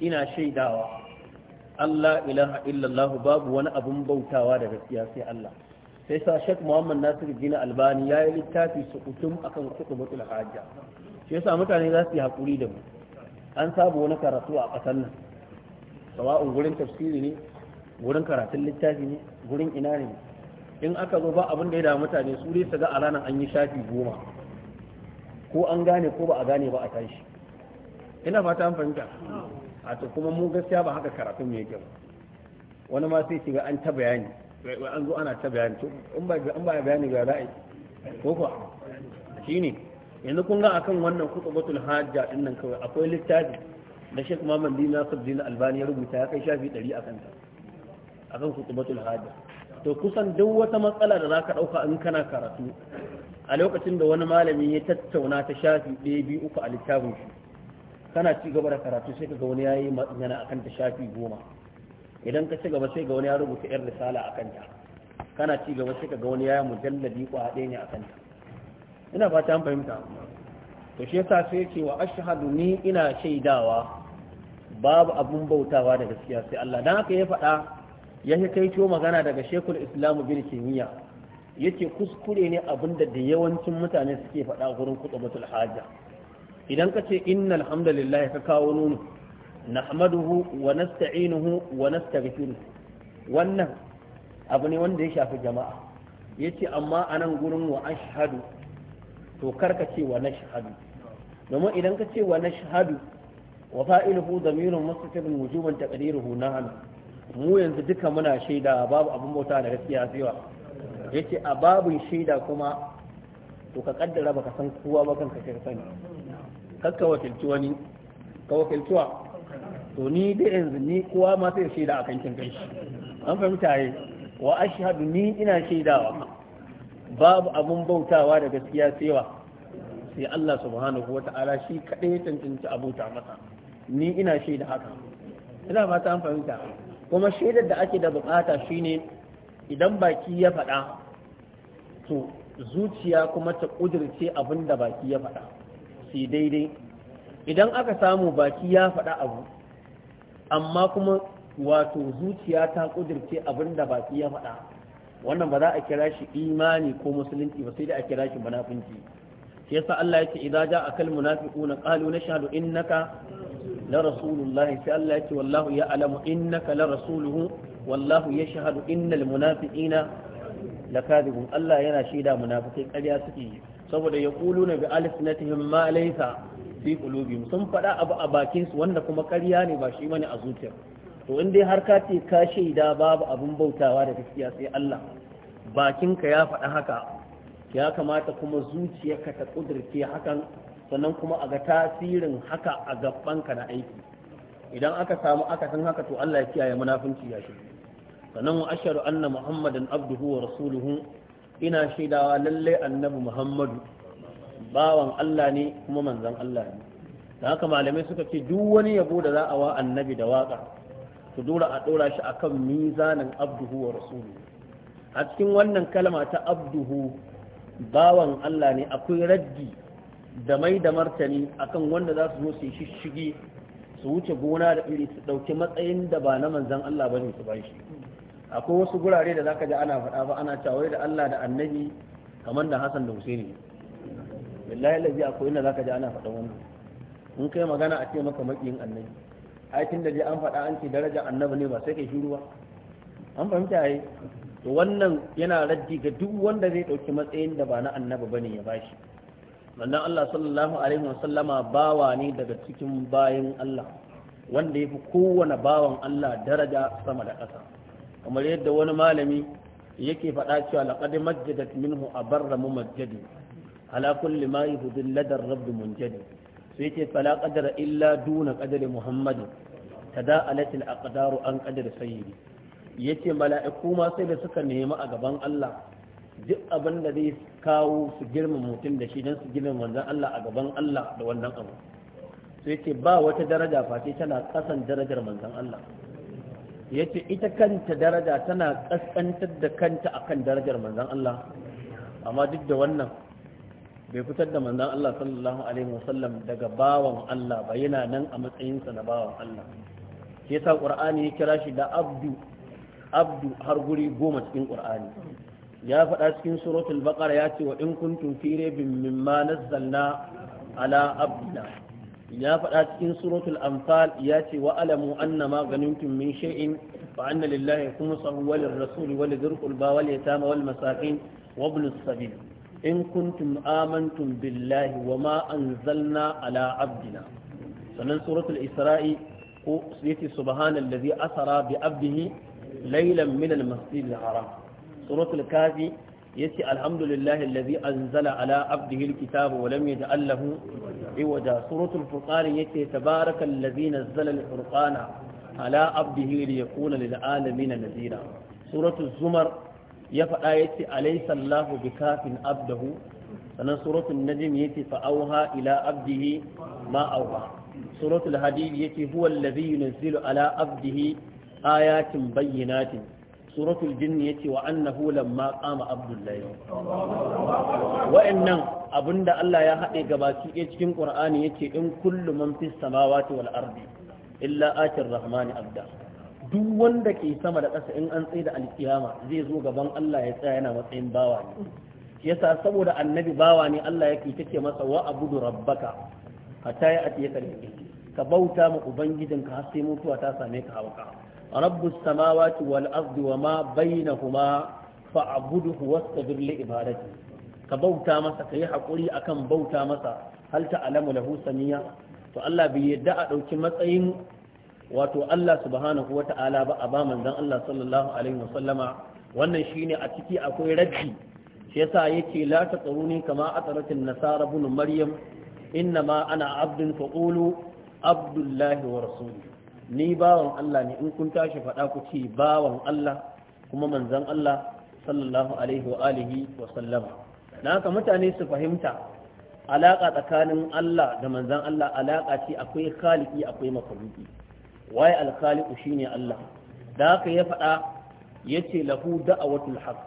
ina shaidawa Allah ilaha illallah babu wani abun bautawa da gaskiya sai Allah sai sa Sheikh Muhammad Nasir Jina Albani yi littafi su akan kutubatul hajja shi yasa mutane za su yi haƙuri da mu an saba wani karatu a ƙasar nan sawa'un gurin tafsiri ne gurin karatun littafi ne gurin ina ne in aka zo ba abin da ya da mutane su dai su ga a ranar an yi shafi goma ko an gane ko ba a gane ba a tashi ina fata an fahimta a to kuma mu gaskiya ba haka karatun mu yake ba wani ma sai shiga an ta bayani an zo ana ta bayani to in ba bayani ga za'a ko kuwa shine yanzu kun ga akan wannan kutubatul hajja din nan kawai akwai littafi da Sheikh Muhammad bin Nasir bin Albani ya rubuta ya kai shafi 100 akan ta akan kutubatul hajja to kusan duk wata matsala da zaka dauka in kana karatu a lokacin da wani malami ya tattauna ta shafi 1 2 3 a littafin shi kana ci gaba da karatu sai ka ga wani yayi magana akan ta shafi 10 idan ka ci gaba sai ga wani ya rubuta yar risala akan ta kana ci gaba sai ka ga wani yayi mujalladi ko haɗe ne akan ta ina fata an fahimta to shi yasa sai yake wa ashhadu ni ina shaidawa babu abun bautawa da gaskiya sai Allah dan haka ya faɗa ya kai ciwo magana daga shekul islamu bin Kimiyya yace kuskure ne abinda da yawancin mutane suke faɗa gurin kutubatul haja idan ka ce innal hamdalillah ka kawo nunu nahmaduhu wa nasta'inuhu wa nastaghfiruh wannan abu ne wanda ya shafi jama'a yace amma anan gurin wa ashhadu to karka ce wa na shahadu? domin idan ka ce wa na shahadu wa fa'iluhu damirun mustatirun wujuban taqdiruhu hana mu yanzu duka muna shaida babu abin bauta da gaskiya Ya yace a babin shaida kuma to ka kaddara baka san kowa ba kanka kai sani kakka wakilci wani ka wakilciwa to ni dai yanzu ni kowa ma sai shaida a kankin kai an fahimta yi wa ashhadu ni ina shaidawa babu abun bautawa da gaskiya cewa sai Allah subhanahu wa ta'ala shi kaɗai ya cancanci abota masa ni ina shaida haka ina ba ta fahimta kuma shaidar da ake da bukata shine idan baki ya faɗa to zuciya kuma ta kudirce abin da baki ya faɗa sai daidai idan aka samu baki ya faɗa abu amma kuma wato zuciya ta kudirce abin da baki ya faɗa wannan ba za a kira shi imani ko musulunci ba sai da a kira shi munafinci shi yasa Allah yake idza jaa akal munafiquna qalu nashhadu innaka la rasulullah sai Allah yake wallahu ya'lamu innaka la rasuluhu wallahu yashhadu innal munafiqina lakadibun Allah yana shaida munafikai ƙarya suke yi saboda yaquluna bi alsinatihim ma laysa fi qulubihim sun faɗa abu a bakin su wanda kuma ƙarya ne ba shi bane a zuciyarsu to in dai har ka ce ka shaida babu abin bautawa da gaskiya sai Allah bakinka ya faɗa haka ya kamata kuma zuciyarka ta ƙudurce hakan sannan kuma a ga tasirin haka a gabanka na aiki idan aka samu aka san haka to Allah ya kiyaye munafunci ya shi sannan wa asharu anna muhammadan abduhu wa rasuluhu ina shaidawa lalle annabi muhammadu bawan Allah ne kuma manzon Allah ne da haka malamai suka ce duk wani yabo da za a wa annabi da waka su dora a dora shi akan mizanin abduhu wa rasulu a cikin wannan kalma ta abduhu bawan Allah ne akwai raddi da mai da martani akan wanda za su zo su yi shige su wuce gona da iri su ɗauki matsayin da ba na manzan Allah ba ne su bai shi akwai wasu gurare da zaka ji ana faɗa ba ana cewa da Allah da annabi kamar da Hassan da Husaini billahi lazi akwai inda zaka ji ana faɗa wannan in kai magana a ce maka makiyin annabi Aikin da je an faɗa an ce daraja annabi ne ba sai kai shiru ba an fahimta yayi to wannan yana raddi ga duk wanda zai ɗauki matsayin da ba na annabi bane ya bashi Wannan Allah sallallahu alaihi wasallama bawa ne daga cikin bayin Allah wanda ya fi kowane bawan Allah daraja sama da ƙasa kamar yadda wani malami yake faɗa cewa laqad majjadat minhu abarra mumajjadi ala kulli ma yuhdil ladar rabb munjadi sai ce fala qadara illa duna qadari muhammad alatil aqdaru an qadari sayyidi yace mala'iku ma sai da suka nemi a gaban Allah duk abin da zai kawo su girma mutum da shi don su girma manzan Allah a gaban Allah da wannan abu sai ce ba wata daraja face tana kasan darajar manzan Allah ya ce ita kanta daraja tana kaskantar da kanta akan darajar manzon Allah amma duk da wannan bai fitar da manzon Allah sallallahu alaihi wasallam daga bawan Allah ba yana nan a matsayinsa na bawan Allah shi yasa Qur'ani ya kira shi da abdu abdu har guri goma cikin ƙur'ani. ya faɗa cikin suratul baqara ya ce wa in kuntum fi raibin mimma nazzalna ala abdina ya faɗa cikin suratul anfal ya ce wa alamu annama ganimtum min shay'in fa anna lillahi khumsahu wa lirrasuli wa lidhil qurba wal yatama wal masakin wa ibn sabil in kuntum amantum billahi wa ma anzalna ala abdina sannan suratul isra'i ko yace subhanallazi asara bi abdihi laylan min al-masjidil haram suratul kafi yace alhamdulillahi allazi anzala ala abdihi alkitaba wa lam yaj'al lahu iwaja suratul furqan yace tabarakallazi nazzala alfurqana ala abdihi liyakuna lil alamin nadira suratul zumar ya faɗa ya ce alaisallahu bi kafin abdahu sannan suratun najim ya ce fa'auha ila abdihi ma auha suratul hadid ya ce huwa allazi yunzilu ala abdihi ayatin bayyinatin suratul jinni ya ce wa annahu lamma qama abdullahi wa'annan abinda Allah ya haɗe gabaki ɗaya cikin ƙur'ani yace in kullu man fis samawati wal ardi illa atir rahmani abda duk wanda ke sama da ƙasa in an tsaye da alkiyama zai zo gaban Allah ya tsaya yana matsayin bawa ne yasa saboda annabi bawa ne Allah yake take masa wa abudu rabbaka hatta ya atiye ka ka bauta ma ubangijinka har sai mutuwa ta same ka hawaka rabbus samawati wal ardi wa ma bainahuma fa'budhu wastabir li ibadati ka bauta masa yi hakuri akan bauta masa hal ta'lamu lahu samiya to Allah bai yadda a dauki matsayin wato Allah subhanahu wa ta'ala ba a ba manzan Allah sallallahu alaihi wasallama wannan shine a ciki akwai raddi shi yasa yace la taquruni kama tsaratin nasara ibn maryam inna ma ana abdun faqulu abdullahi wa rasuli ni bawan Allah ne in kun tashi faɗa ku ce bawan Allah kuma manzan Allah sallallahu alaihi wa alihi wa sallama na haka mutane su fahimta alaƙa tsakanin Allah da manzan Allah alaƙa ce akwai khaliki akwai makhluki waye alkhaliqu shine Allah da haka ya faɗa yace lahu da'awatul haqq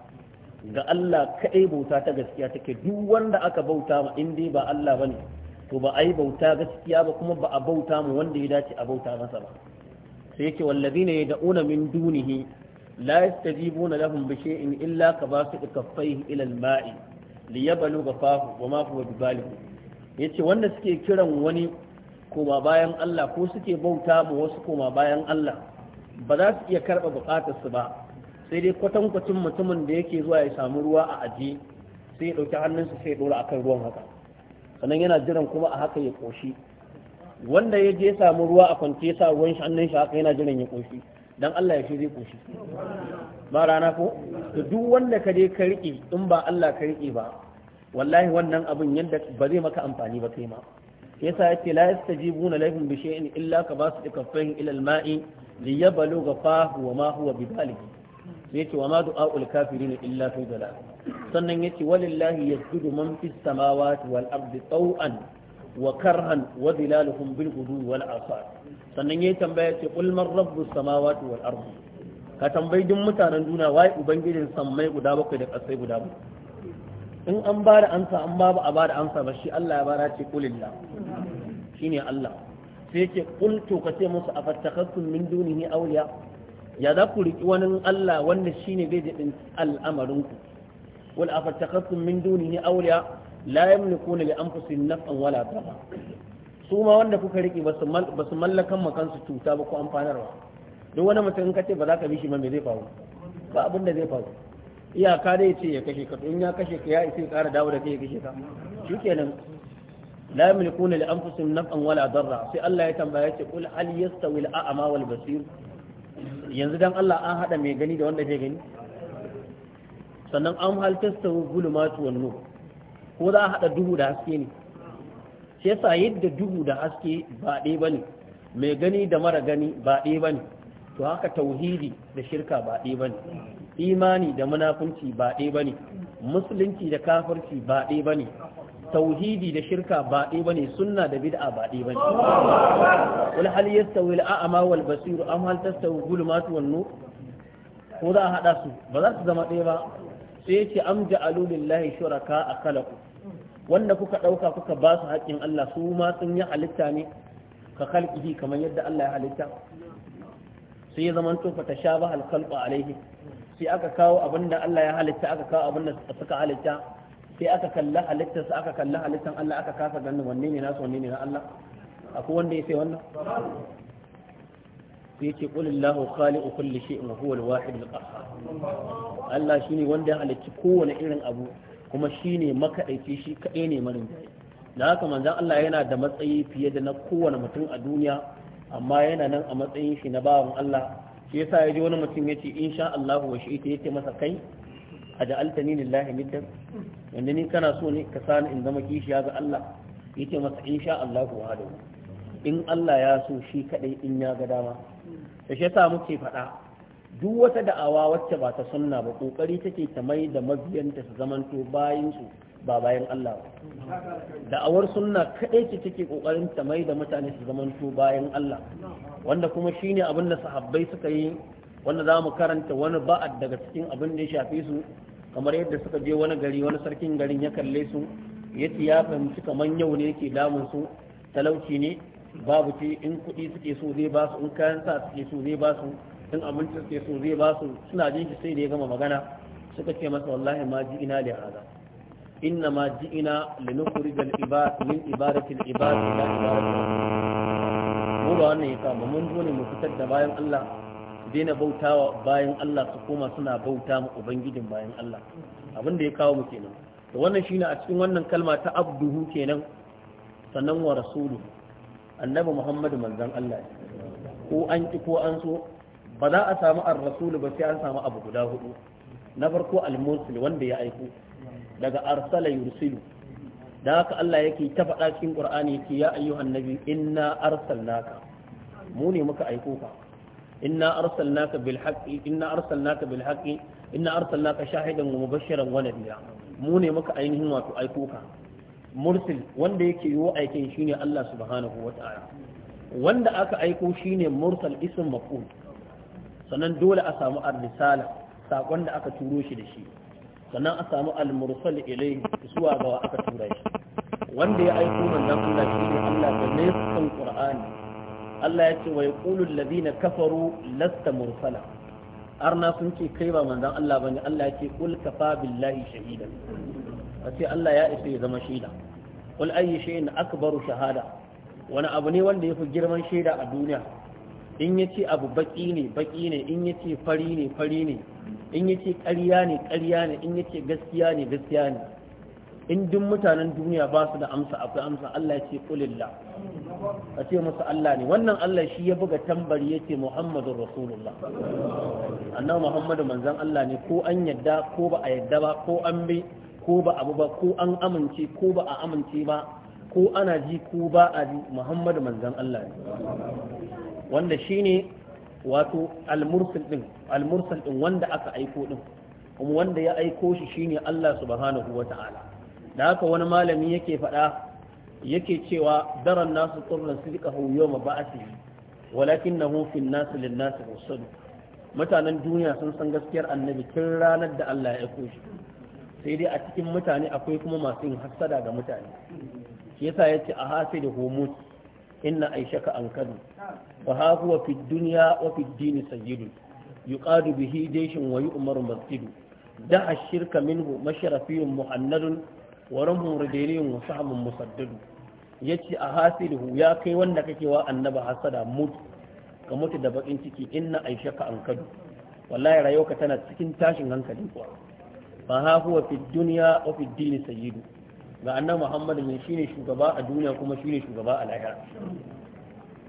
ga Allah kaɗai bauta ta gaskiya take duk wanda aka bauta ma in dai ba Allah bane to ba ai bauta gaskiya ba kuma ba a bauta mu wanda ya dace a bauta masa ba sai yake wallazina yad'una min dunihi la yastajibuna lahum bi shay'in illa ka basu kaffaihi ila al-ma'i liyabluga fahu wa ma huwa bibaligh yace wanda suke kiran wani koma bayan Allah ko suke bauta ma wasu koma bayan Allah ba za su iya karɓa buƙatarsu ba sai dai kwatankwacin mutumin da yake zuwa ya samu ruwa a aji sai ya ɗauki hannunsa sai ya ɗora a kan ruwan haka sannan yana jiran kuma a haka ya ƙoshi wanda ya je ya samu ruwa a kwance sa ruwan hannun shi haka yana jiran ya ƙoshi dan Allah ya shi zai ƙoshi ba rana ko to duk wanda ka je ka riƙe in ba Allah ka riƙe ba wallahi wannan abin yadda ba zai maka amfani ba kai ma yasa yake la buna laifin bi in illa ka basu kaffain ila ilal mai li yabluga fahu wa ma huwa bidalik sai yace wa ma du'aul kafirin illa fi dalal sannan yace walillahi yasjudu man fis samawati wal ardi taw'an wa karhan wa zilaluhum bil ghudu wal asar sannan yayi tambaya yace qul man rabbus samawati wal ardi ka tambayi duk mutanen duniya wai ubangijin sammai guda bakwai da kasai guda bakwai in an ba da amsa an babu a ba da amsa ba shi Allah ya bara ce kulillah ne Allah sai yake kul to ka ce musu a afattakakum min dunihi awliya ya za ku riki wani Allah wanda shine bai jibin al'amarin ku wal afattakakum min dunihi awliya la yamlikuna li anfusihim naf'an wala darra su ma wanda kuka riki ba su mallakan ma kansu cuta ba ko amfanarwa duk wani mutum in ka ce ba za ka bi shi ba me zai faru ba abin da zai faru iyaka dai ce ya kashe ka to in ya kashe ka ya isa ya ƙara dawo da kai ya kashe ka shikenan la yamlikuna li anfusihim naf'an wala darra sai Allah ya tambaya ce kul hal yastawi al-a'ma wal basir yanzu dan Allah an hada mai gani da wanda bai gani sannan an hal tastawi zulumatu wan nur ko za a hada duhu da haske ne sai sa yadda duhu da haske ba ɗaya bane mai gani da mara gani ba ɗaya bane to haka tauhidi da shirka ba ɗaya bane imani da munafunci ba ɗaya musulunci da kafirci ba ɗaya tauhidi da shirka ba ɗaya bane sunna da bid'a ba ɗaya bane wal hal yastawi al a'ma wal basir am hal tastawi zulumatu ko za a haɗa su ba za su zama ɗaya ba sai yace am ja'alu lillahi shuraka akalaku wanda kuka ɗauka kuka ba su haƙƙin Allah su ma sun yi halitta ne ka khalqihi kamar yadda Allah ya halitta sai ya zama to ta sha ba khalqu alaihi sai aka kawo abin da Allah ya halitta aka kawo abin da suka halitta sai aka kalla halittar su aka kalla halittan Allah aka kasa ganin wanne ne nasu wanne ne na Allah akwai wanda ya sai wannan sai ce qulillahu khaliqu kulli shay'in wa huwa al-wahid al-qahhar Allah shine wanda ya halicci kowane irin abu kuma shine makadaici shi kadai ne marin da haka manzon Allah yana da matsayi fiye da na kowane mutum a duniya amma yana nan a matsayin shi na bawan Allah shi yasa ya ji wani mutum ya ce insha Allah wa shi ita yace masa kai a ja'altani lillahi niddan wanda ni kana so ne ka sani in zama kishiya ga Allah yace masa insha Allah wa hadu in Allah ya so shi kadai in ya ga dama da shi yasa muke faɗa duk wata da'awa wacce ba ta sunna ba kokari take ta mai da mabiyanta su zamanto bayin su ba bayan Allah ba da'awar sunna kaɗai ce take ƙoƙarin ta mai da mutane su zamanto bayan Allah wanda kuma shine abin da sahabbai suka yi wanda za mu karanta wani ba'a daga cikin abin da ya shafe su kamar yadda suka je wani gari wani sarkin garin ya kalle su ya ce ya fahimci kamar yau ne yake damun su talauci ne babu ce in kuɗi suke so zai ba su in kayan sa suke so zai ba su in abinci suke so zai ba su suna jin shi sai da ya gama magana suka ce masa wallahi ma ji ina da haza إنما جئنا لنخرج العباد من عبادة العباد إلى عبادة mu ba wannan mun zo ne mu fitar da bayan Allah daina bautawa bayan Allah su koma suna bauta mu ubangijin bayan Allah abin da ya kawo mu kenan to wannan shine a cikin wannan kalma ta abduhu kenan sannan wa rasulu annabi Muhammadu manzon Allah ko an ki ko an so ba za a samu ar rasulu ba sai an samu abu guda hudu na farko al wanda ya aiko daga arsala yursilu da haka Allah yake ta faɗa cikin Qur'ani yake ya ayyuhan nabi inna arsalnaka mu ne muka aiko ka inna arsalnaka bil haqqi inna arsalnaka bil haqqi inna arsalnaka shahidan wa mubashiran wa nabiyya mu ne muka ainihin wato aiko ka mursil wanda yake yi aikin shine Allah subhanahu wa ta'ala wanda aka aiko shine mursal ism maf'ul sannan dole a samu arsala sakon da aka turo shi da shi sannan a samu al-mursal ilai zuwa ga aka tura shi wanda ya aiko manzon Allah ne Allah da ne san Qur'ani Allah ya ce wa yaqulu alladhina kafaru lasta mursala arna sun ce kai ba manzon Allah bane Allah ya ce qul kafa billahi shahidan ce Allah ya isa ya zama shaida qul ayyi shay'in akbaru shahada wani abu ne wanda yafi girman shaida a duniya in ya ce abu baki ne baki ne in ya ce fari ne fari ne in ya ce ƙarya ne ƙarya ne in ya ce gaskiya ne gaskiya ne in duk mutanen duniya ba su da amsa akwai amsa Allah ya ce kulillah a ce musu Allah ne wannan Allah shi ya buga tambari ya ce Muhammadu Rasulullah annabi Muhammadu manzan Allah ne ko an yadda ko ba a yadda ba ko an bi ko ba abu ba ko an amince ko ba a amince ba ko ana ji ko ba a ji Muhammadu manzan Allah ne wanda shine wato al din wanda aka aiko din kuma wanda ya aiko shi shine Allah subhanahu wata'ala da haka wani malami yake faɗa yake cewa daran nasu qurran sidqahu yawma ba'athihi walakinahu fi an-nas lin-nas usud mutanen duniya sun san gaskiyar annabi tun ranar da Allah ya aiko shi sai dai a cikin mutane akwai kuma masu yin hassada ga mutane shi yasa yace a da humut inna aishaka an kadu Ba ha huwa fi dunya wa fi dini sayyidu yuqadu bihi daishin wa yu'maru masjidu da ashirka minhu masharafiyun muhannadun wa rumhum rijaliyun wa sahmun musaddadu yace a hasidu ya kai wanda kake wa annaba hasada mutu ka mutu da bakin ciki inna aishaka an kadu wallahi ka tana cikin tashin hankali kuwa fa ha huwa fi dunya wa fi dini sayyidu ga annabi Muhammad shi shine shugaba a duniya kuma shine shugaba a lahira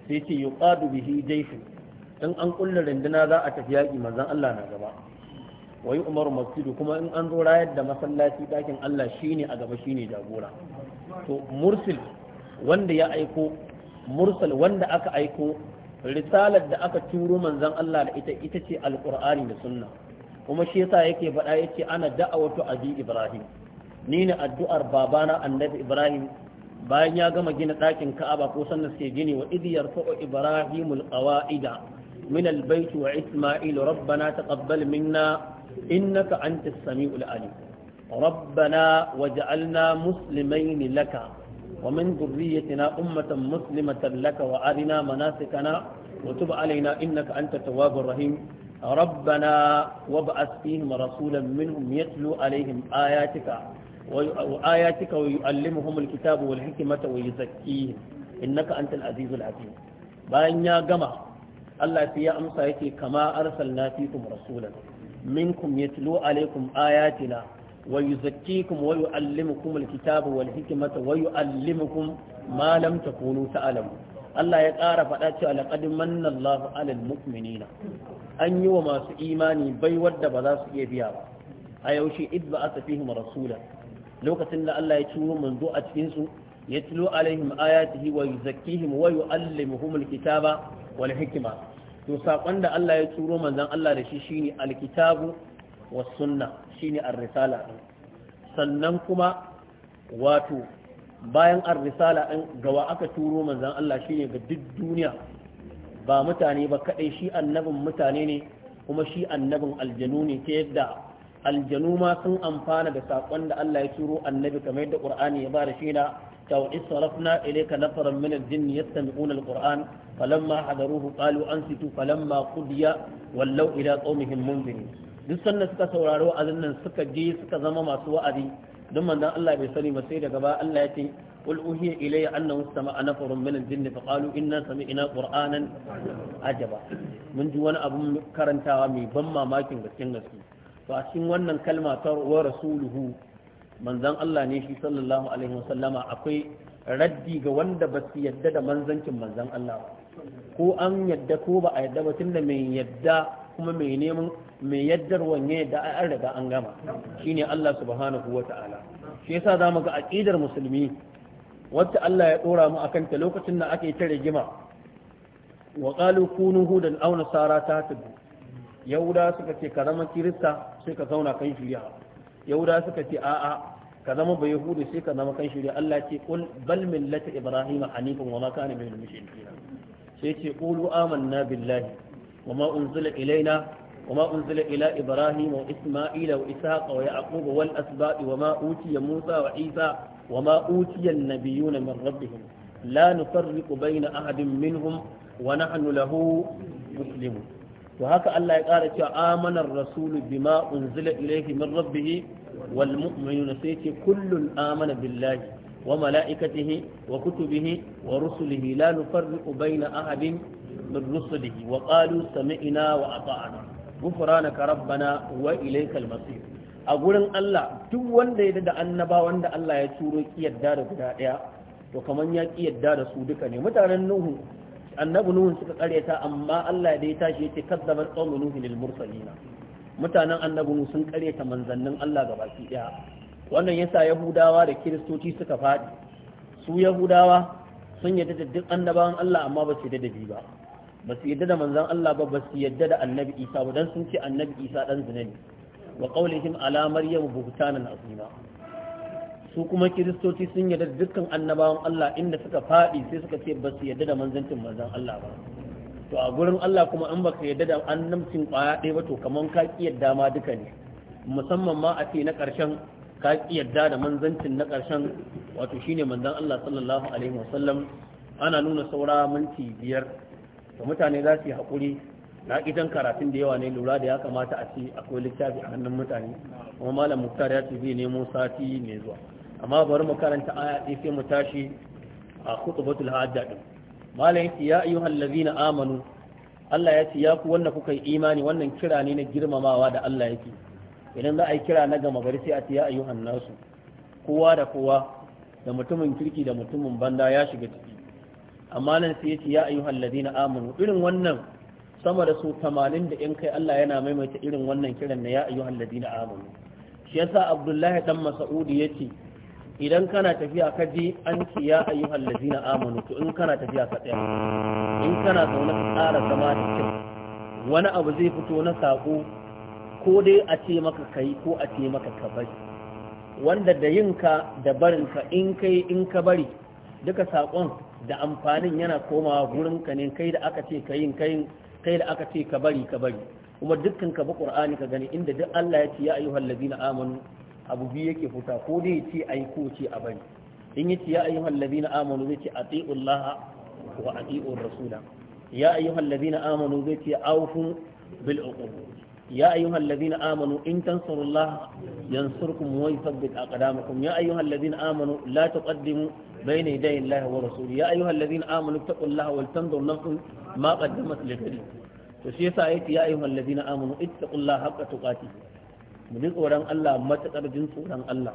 sai ce yuqadu bihi jayfu in an kulle rinduna za a tafi yaki manzon Allah na gaba wa umar masjidu kuma in an zo rayar da masallaci dakin Allah shine a gaba shine jagora to mursil wanda ya aiko mursal wanda aka aiko risalar da aka turo manzon Allah da ita ita ce alƙur'ani da sunna kuma shi yasa yake faɗa yake ana da'awatu abi ibrahim ni ne addu'ar babana annabi ibrahim bayan ya gama gina ɗakin ka'aba ko sanda suke gini wa idiyar fa'o ibrahimul qawa'ida min albayt wa isma'il rabbana taqabbal minna innaka antas samiul alim rabbana waj'alna muslimain laka ومن ذريتنا أمة مسلمة لك وأرنا مناسكنا وتب علينا إنك أنت التواب الرحيم ربنا وابعث فيهم رسولا منهم يتلو عليهم آياتك وآياتك ويعلمهم الكتاب والحكمة ويزكيهم إنك أنت العزيز الحكيم bayan ya gama Allah sai ya amsa yake kama arsalna fikum rasulan minkum yatlu alaikum ayatina wa yuzakkikum wa yuallimukum alkitaba wal hikmata Allah ya ƙara faɗa cewa laqad manna Allahu 'alal mu'minina an yi wa masu imani baiwar da ba za su iya biya ba a yaushe idba asafihim rasulan lokacin da Allah ya turo manzo a cikin su yatlu alaihim ayatihi wa yuzakkihim wa yuallimuhum alkitaba wal hikma to sakon da Allah ya turo manzon Allah da shi shine alkitabu was sunna shine ar-risala sannan kuma wato bayan ar-risala din gawa aka turo manzon Allah shine ga duk duniya ba mutane ba kadai shi annabin mutane ne kuma shi annabin aljanu ne ta yadda aljanu ma sun amfana da sakon da Allah ya turo annabi kamar yadda Qur'ani ya ba da shi na tawis sarafna ilayka nafaran min al-jinn yastami'una al-Qur'an falamma hadaruhu qalu ansitu falamma qudiya wallaw ila qaumihim munzirin duk sannan suka saurari wa'azin nan suka je suka zama masu wa'azi don manzon Allah bai sani ba sai daga ba Allah ya ce قل أوهي إلي أنه استمع نفر من الجن فقالوا إنا سمعنا قرآنا عجبا من جوانا أبو كرنتا ومي بما ماكين بسين to a cikin wannan kalma ta wa rasuluhu manzon Allah ne shi sallallahu alaihi wasallama akwai raddi ga wanda ba su yadda da manzancin manzon Allah ko an yadda ko ba a yadda ba tunda mai yadda kuma mai neman mai yaddar wanye da an riga an gama shine Allah subhanahu wata'ala shi yasa zamu ga aqidar musulmi wacce Allah ya dora mu akan ta lokacin da ake ta rigima wa qalu kunu hudan aw nasara ta tabu yahuda suka ce ka zama kirista sai ka zauna kan shirya yahuda suka ce a'a ka zama bai yahudu sai ka zama kan shirya Allah ce kul bal millata ibrahima hanifan wa ma kana minal mushrikin sai ce qulu amanna billahi wa ma unzila ilaina wa ma unzila ila ibrahima wa isma'ila wa ishaqa wa yaqub wal asbaq wa ma utiya musa wa isa wa ma utiya an-nabiyuna min rabbihim la nufarriqu bayna ahadin minhum wa nahnu lahu muslimun to haka Allah ya ƙara cewa amanar rasulu bima unzila ilayhi min rabbih wal mu'minuna sai ce kullun amana billahi wa mala'ikatihi wa kutubihi wa rusulihi la nufarriqu baina ahadin min rusulihi wa qalu sami'na wa ata'na ghufranaka rabbana wa ilaykal masir a gurin Allah duk wanda ya da annaba wanda Allah ya turo ki yadda da guda daya to kaman ya ki yadda da su duka ne mutanen Nuhu annabi nuhu suka karyata amma Allah da ya tashi yace kadzabar qaumu nuhu lil mursalina mutanen annabi nuhu sun karyata manzannin Allah baki daya wannan yasa yahudawa da kiristoci suka fadi su yahudawa sun yadda da duk annabawan Allah amma ba su yadda da bi ba ba su yadda da manzan Allah ba ba su yadda da annabi Isa ba dan sun ce annabi Isa dan zina ne wa qaulihim ala maryam buhtanan azima su kuma kiristoci sun yarda da dukkan annabawan Allah inda suka faɗi sai suka ce ba su yarda da manzancin manzan Allah ba to a gurin Allah kuma an baka yarda da annabcin kwaya ɗaya ba to kamar ka ƙi yarda ma duka ne musamman ma a ce na ƙarshen ka ƙi yarda da manzancin na ƙarshen wato shine manzan Allah sallallahu alaihi wasallam ana nuna saura minti biyar to mutane za su yi haƙuri na idan karatun da yawa ne lura da ya kamata a ci akwai littafi a hannun mutane kuma malam muktar ya ce zai nemo sati mai zuwa amma bari mu karanta aya ɗaya sai mu tashi a khutbatul hajja din malam yace ya ayyuhal ladina amanu Allah ya ce ya ku wanda kuka yi imani wannan kira ne na girmamawa da Allah yake idan za a yi kira na gama gari sai a ce ya ayyuhan nasu kowa da kowa da mutumin kirki da mutumin banda ya shiga ciki amma nan sai ya ya ladina amanu irin wannan sama da su 80 da yan kai Allah yana maimaita irin wannan kiran na ya ayyuhan ladina amanu shi yasa Abdullahi dan Mas'udi yace idan kana tafiya ka ji an ce ya ayyuhal ladina amanu to in kana tafiya ka tsaya in kana zaune ka tsara zama da kyau wani abu zai fito na sako ko dai a ce maka kai ko a ce maka ka bari wanda da yinka da barinka in kai in ka bari duka sakon da amfanin yana komawa gurin ka ne kai da aka ce ka yin kai da aka ce ka bari ka bari kuma dukkan ka bi ƙur'ani ka gani inda duk Allah ya ce ya ayyuhal ladina amanu abu biyu yake fita ko dai ya ce ai ko ce a bani. in ya ce ya ayyuhal ladina amanu zai ce Laha wa atiur rasula ya ayyuhal ladina amanu zai ce awfu bil uqub ya ayyuhal ladina amanu in tansurullaha yansurkum wa yuthabbit aqdamakum ya ayyuhal ladina amanu la bai bayna yaday llahi wa rasuli ya ayyuhal ladina amanu taqullaha wal tanzur nafsun ma qaddamat li to shi yasa yace ya ayyuhal ladina amanu ittaqullaha haqqa tuqatih mu ji tsoron Allah matakar jin tsoron Allah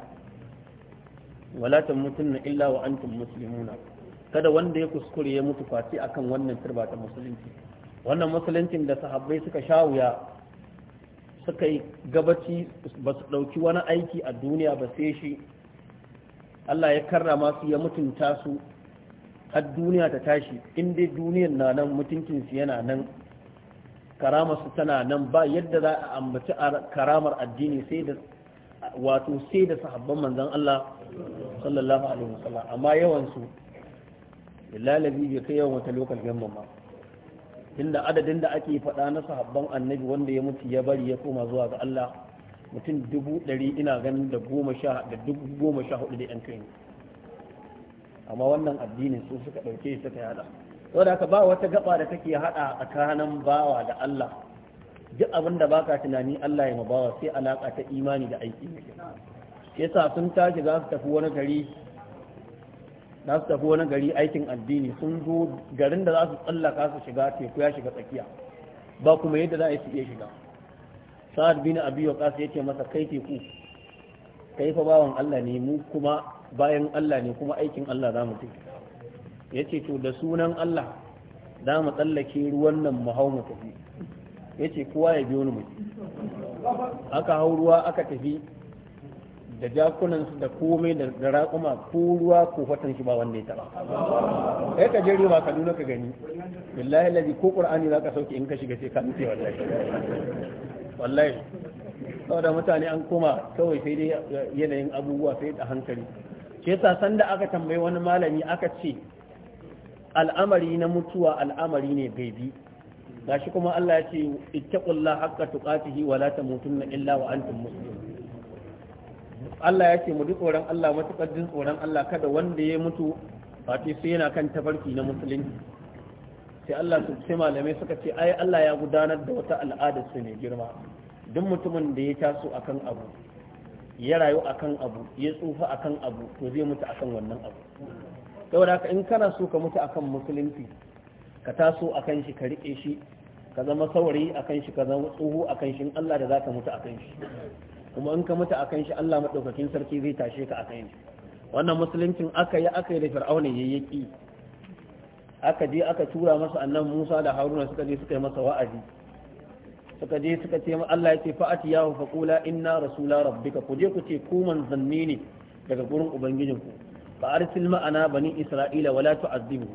wala na illa wa antum muslimuna kada wanda ya kuskure ya mutu face akan wannan turba ta musulunci wannan musuluncin da sahabbai suka sha wuya suka yi gabaci ba su ɗauki wani aiki a duniya ba sai shi Allah ya karrama su ya mutunta su har duniya ta tashi in dai duniyar na nan mutuncinsu yana nan karamar su tana nan ba yadda za a ambaci karamar addini sai da wato sai da sahabban manzan Allah sallallahu alaihi wasallam amma yawansu lalabi bai kai yawan wata lokal gamban ba inda adadin da ake faɗa na sahabban annabi wanda ya mutu ya bari ya koma zuwa ga Allah mutum dubu ɗari ina ganin da goma sha da dubu goma sha hudu da yan kai amma wannan addinin su suka ɗauke shi suka yada saboda ka ba wata gaba da take hada tsakanin bawa da Allah duk abinda baka tunani Allah ya bawa sai alaka ta imani da aiki ne yasa sun tashi za su tafi wani gari za su tafi wani gari aikin addini sun zo garin da za su tsallaka su shiga teku ya shiga tsakiya ba kuma yadda za a yi su iya shiga sa'ad bin abi waqas yace masa kai teku kai fa bawan Allah ne mu kuma bayan Allah ne kuma aikin Allah za mu tafi ya ce to da sunan Allah za mu tsallake ruwan nan mu hau mu tafi ya ce kowa ya biyo ni mu aka hau ruwa aka tafi da jakunansu da komai da raƙuma ko ruwa ko fatan shi ba wanda ya taɓa kai ka jirgin ba kaduna ka gani billahi lazi ko qur'ani za ka sauke in ka shiga sai ka nufe wallahi wallahi saboda mutane an koma kawai sai dai yanayin abubuwa sai da hankali shi sa sanda aka tambayi wani malami aka ce al'amari na mutuwa al'amari ne gaibi gashi kuma Allah ya ce ittaqullaha haqqa tuqatihi wa la tamutunna illa wa antum muslimun Allah ya ce mu ji tsoron Allah matukar jin tsoron Allah kada wanda ya mutu fati sai yana kan tafarki na musulunci sai Allah su sai malamai suka ce ai Allah ya gudanar da wata al'ada su ne girma duk mutumin da ya taso akan abu ya rayu akan abu ya tsufa akan abu to zai mutu akan wannan abu saboda ka in kana so ka mutu akan musulunci ka taso akan shi ka riƙe shi ka zama saurayi akan shi ka zama tsoho akan shi in Allah da ka mutu akan shi kuma in ka mutu akan shi Allah madaukakin sarki zai tashe ka akan shi wannan musuluncin aka yi aka yi da fir'auna yayyaki aka je aka tura masa annan Musa da Haruna suka je suka yi masa wa'azi suka je suka ce Allah ya ce fa'ati yahu faqula inna rasula rabbika ku je ku ce ku manzanni ne daga gurin ubangijinku fa arsil ma'ana bani isra'ila wala tu'azzibu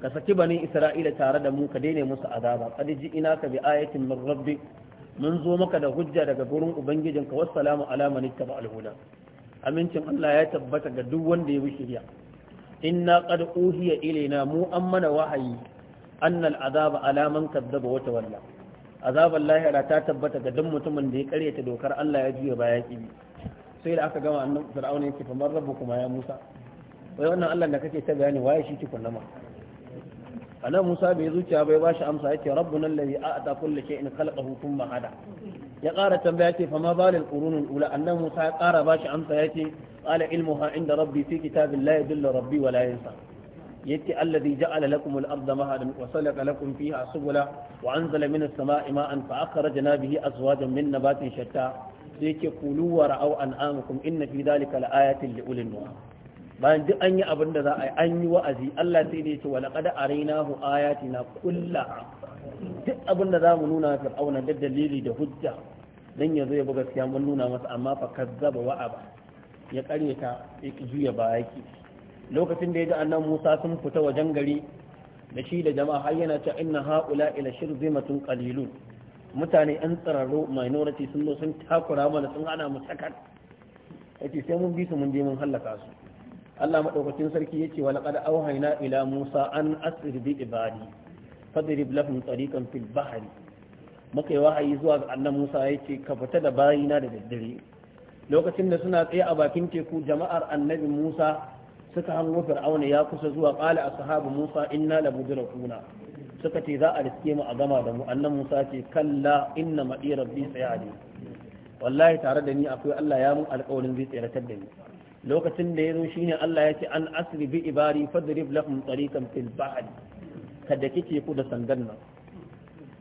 ka saki bani isra'ila tare da mu ka daina musu azaba qad ina ka bi ayatin min mun zo maka da hujja daga gurin ubangijinka wassalamu ala man ittaba al-huda amincin Allah ya tabbata ga duk wanda ya bi shiriya inna qad uhiya ilaina mu an wahayi anna al-azaba ala man kadzaba wa tawalla azaban lahira ta tabbata ga duk mutumin da ya karyata dokar Allah ya juya baya kibi sai da aka gama annabi fir'auna yake fa man rabbukum ya musa wai wannan Allah da kake ta bayani waye shi tukunna ma anan Musa bai zuciya bai bashi amsa yake rabbuna allazi a'ta kulli shay'in khalaqahu thumma hada ya ƙara tambaya ce fama balil qurunul ula annan Musa ya ƙara bashi amsa yake qala ilmuha inda rabbi fi kitabin la yadullu rabbi wa la yansa yake allazi ja'ala lakum al-ardha mahadan wa salaka lakum fiha subula wa anzala minas sama'i ma'an fa akhrajna bihi azwajan min nabatin shatta sai yake kulu wa ra'aw an'amukum inna fi dhalika la'ayatin li ulil bayan duk an yi abin da za a yi an yi wa'azi Allah sai da ya ce wa laqad araynahu na kulla duk abin da za mu nuna fir'auna da dalili da hujja dan yazo ya buga gaskiya mun nuna masa amma fa kazzaba wa aba ya karyata ya juya baya lokacin da ya ji annan Musa sun fita wajen gari da shi da jama'a har yana cewa inna haula ila shirzimatun qalilun mutane an tsararro minority sun zo sun takura mana sun hana mu sakat yace sai mun bi su mun je mun hallaka su Allah maɗaukacin sarki ya wa laqad auhaina ila Musa an asir bi ibadi fadrib lahum tariqan fil bahri muka yi wahayi zuwa ga annabi Musa ce ka fita da bayina da daddare lokacin da suna tsaye a bakin teku jama'ar annabi Musa suka hango fir'auna ya kusa zuwa qala ashabu Musa inna labudrakuna suka ce za a riske mu a gama da mu annan Musa ce kalla inna ma'i rabbi sayadi wallahi tare da ni akwai Allah ya mun alƙawarin zai tsere da ni lokacin da ya zo shine Allah ya ce an asri bi ibari fadrib lahum tariqan fil bahr kada kike ku da sandan nan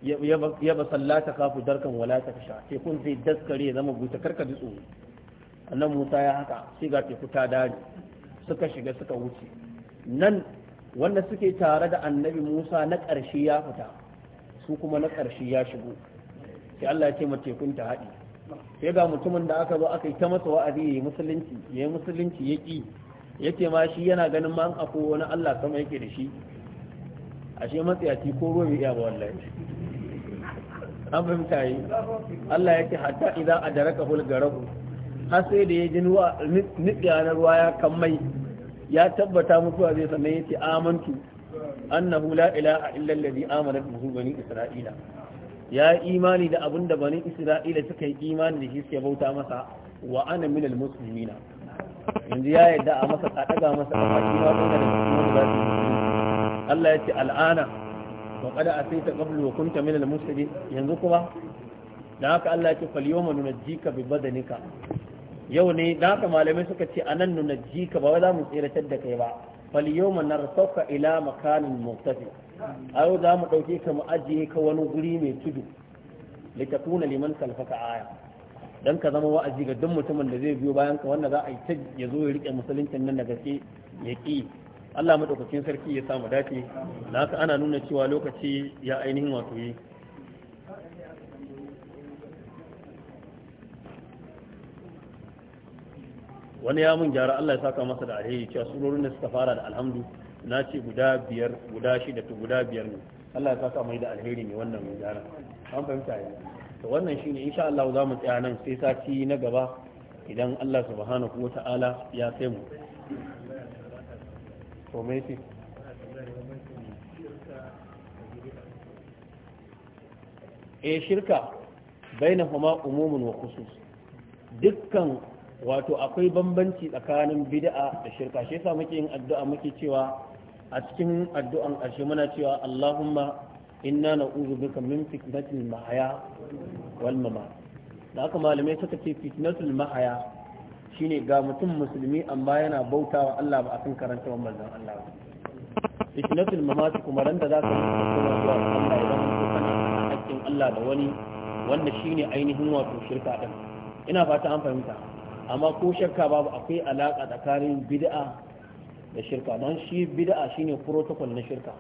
ya ba sallata kafu darkan wala ta kasha tekun zai daskare zama buta karka ji tsoro annan musa ya haka sai ga teku ta dare suka shiga suka wuce nan wanda suke tare da annabi musa na ƙarshe ya fita su kuma na ƙarshe ya shigo sai Allah ya ce ma tekun ta haɗi sai ga mutumin da aka zo aka yi ta masa wa'azi ya yi musulunci ya yi musulunci ya ƙi ya ce ma shi yana ganin ma afo wani Allah sama yake da shi ashe matsayaci ko ruwa iya ba wallahi an fahimta yi Allah ya ce hatta idan a daraka hulgarahu har sai da ya ji nitsiya na ruwa ya kammai ya tabbata mutuwa zai sannan ya ce amantu annahu la ilaha illa allazi amanat bihi bani isra'ila ya yi imani da abin da bani isra'ila suka yi imani da shi suke bauta masa wa ana minal muslimina yanzu ya yadda a masa a daga masa a baki ma da kuma da Allah ya ce al'ana wa qad asayta qablu wa kunta minal muslimin yanzu kuma dan haka Allah ya ce fal yawma nunajjika bi badanika yau ne dan haka malamai suka ce anan nunajjika ba za mu tsiratar da kai ba fal yawma narsaka ila makanin muqtasim a yau za mu ɗauke ka mu ajiye ka wani guri mai tudu da litakuna liman kalfaka aya don ka zama wa'azi ga duk mutumin da zai biyo bayan ka wanda za a yi ta ya zo ya riƙe musuluncin nan da gaske ya ƙi Allah maɗaukacin sarki ya samu dace na haka ana nuna cewa lokaci ya ainihin wato yi wani ya mun gyara Allah ya saka masa da alheri cewa surorin da suka fara da alhamdu na ce guda biyar guda shida to guda biyar ne Allah ya saka mai da alheri ne wannan mai gyara an fahimta ya to wannan shine insha Allah za mu tsaya nan sai sati na gaba idan Allah subhanahu wata'ala ya kai mu to mai ce eh shirka bainahuma umumun wa khusus dukkan wato akwai bambanci tsakanin bid'a da shirka shi yasa muke yin addu'a muke cewa a cikin addu'an ƙarshe muna cewa Allahumma inna na'udhu bika min fitnatul mahaya wal mamat da aka malamai suka ce fitnatul mahaya shine ga mutum musulmi amma yana bautawa Allah ba a kan karanta manzon Allah ba fitnatul mamat kuma randa za ka yi kuma zuwa Allah ya zama kana hakkin Allah da wani wanda shine ainihin wato shirka din ina fata an fahimta amma ko shakka babu akwai alaka tsakanin bid'a da shirka don shi shi shine protocol na shirka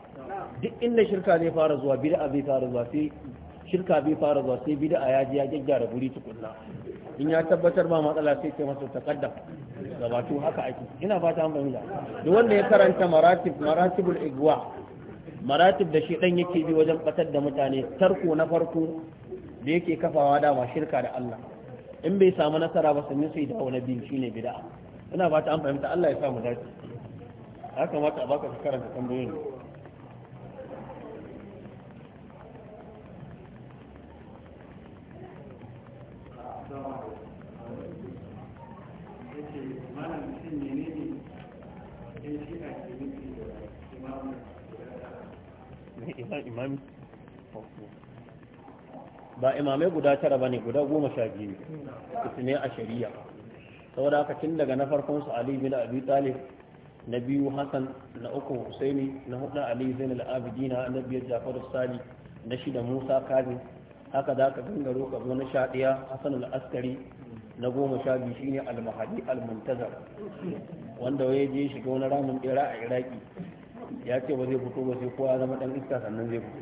duk inda shirka zai fara zuwa bida'a zai fara zuwa sai shirka bai fara zuwa sai bida'a ya ji ya gyaggyara guri tukunna in ya tabbatar ba matsala sai ce masa takaddam gabatu haka ake ina fata an fahimta duk wanda ya karanta maratib maratibul igwa maratib da shi dan yake bi wajen batar da mutane tarko na farko da yake kafawa dama shirka da Allah in bai samu nasara ba sannan sai da wani biyu shine bid'a ina fata an fahimta Allah ya sa mu dace ya kamata a baka ka karanta tambayoyin ba imamai guda tara ba ne guda goma sha biyu su ne a shari'a saboda haka tun daga na farkon su ali bin abi talib na biyu hassan na uku husaini na hudu ali zainal abidina na biyar jafar sali na shida musa kazin haka za ka gangaro ka zo na sha ɗaya hassan al'askari na goma sha biyu shine al-mahadi al-muntazar wanda ya je shiga wani ramin bera a iraki ya ce ba zai fito ba sai kowa zama ɗan iska sannan zai fito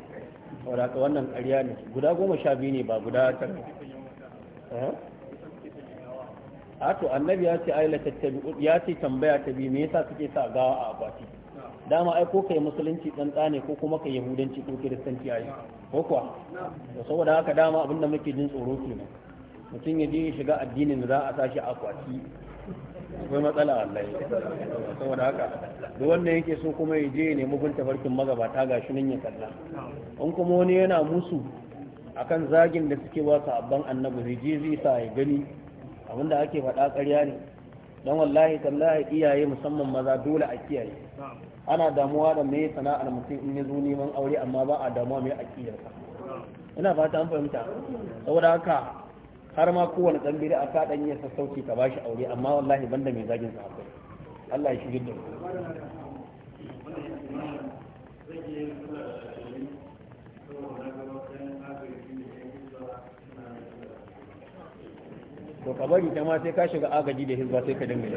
wadaka wannan ƙarya ne guda goma sha biyu ne ba guda tara eh? a to annabi ya ce ya ce tambaya ta bi me yasa suke sa gawa a akwati dama ai ko kai musulunci dan ne ko kuma kai yahudanci ko kiristanci yayi ko kuwa saboda haka dama abinda muke jin tsoro ne. mutum ya je shiga addinin da za a sashi akwati akwai matsala wallahi saboda haka duk wanda yake so kuma ya je ya nemi gunta farkin magabata ga shi nan ya kalla in kuma wani yana musu akan zagin da suke wa abban annabi zai je zai sa ya gani abinda ake faɗa ƙarya ne don wallahi tallahi iyaye musamman maza dole a kiyaye ana damuwa da mai sana'ar mutum in ya zo neman aure amma ba a damuwa mai aƙiyarsa ina fata an fahimta saboda haka har ma kowane ɗan biri a kaɗan ya sassauci ka ba shi aure amma wallahi banda mai zagin sa akwai Allah ya shirya da mu to ka bari ta ma sai ka shiga agaji da hizba sai ka dinga yi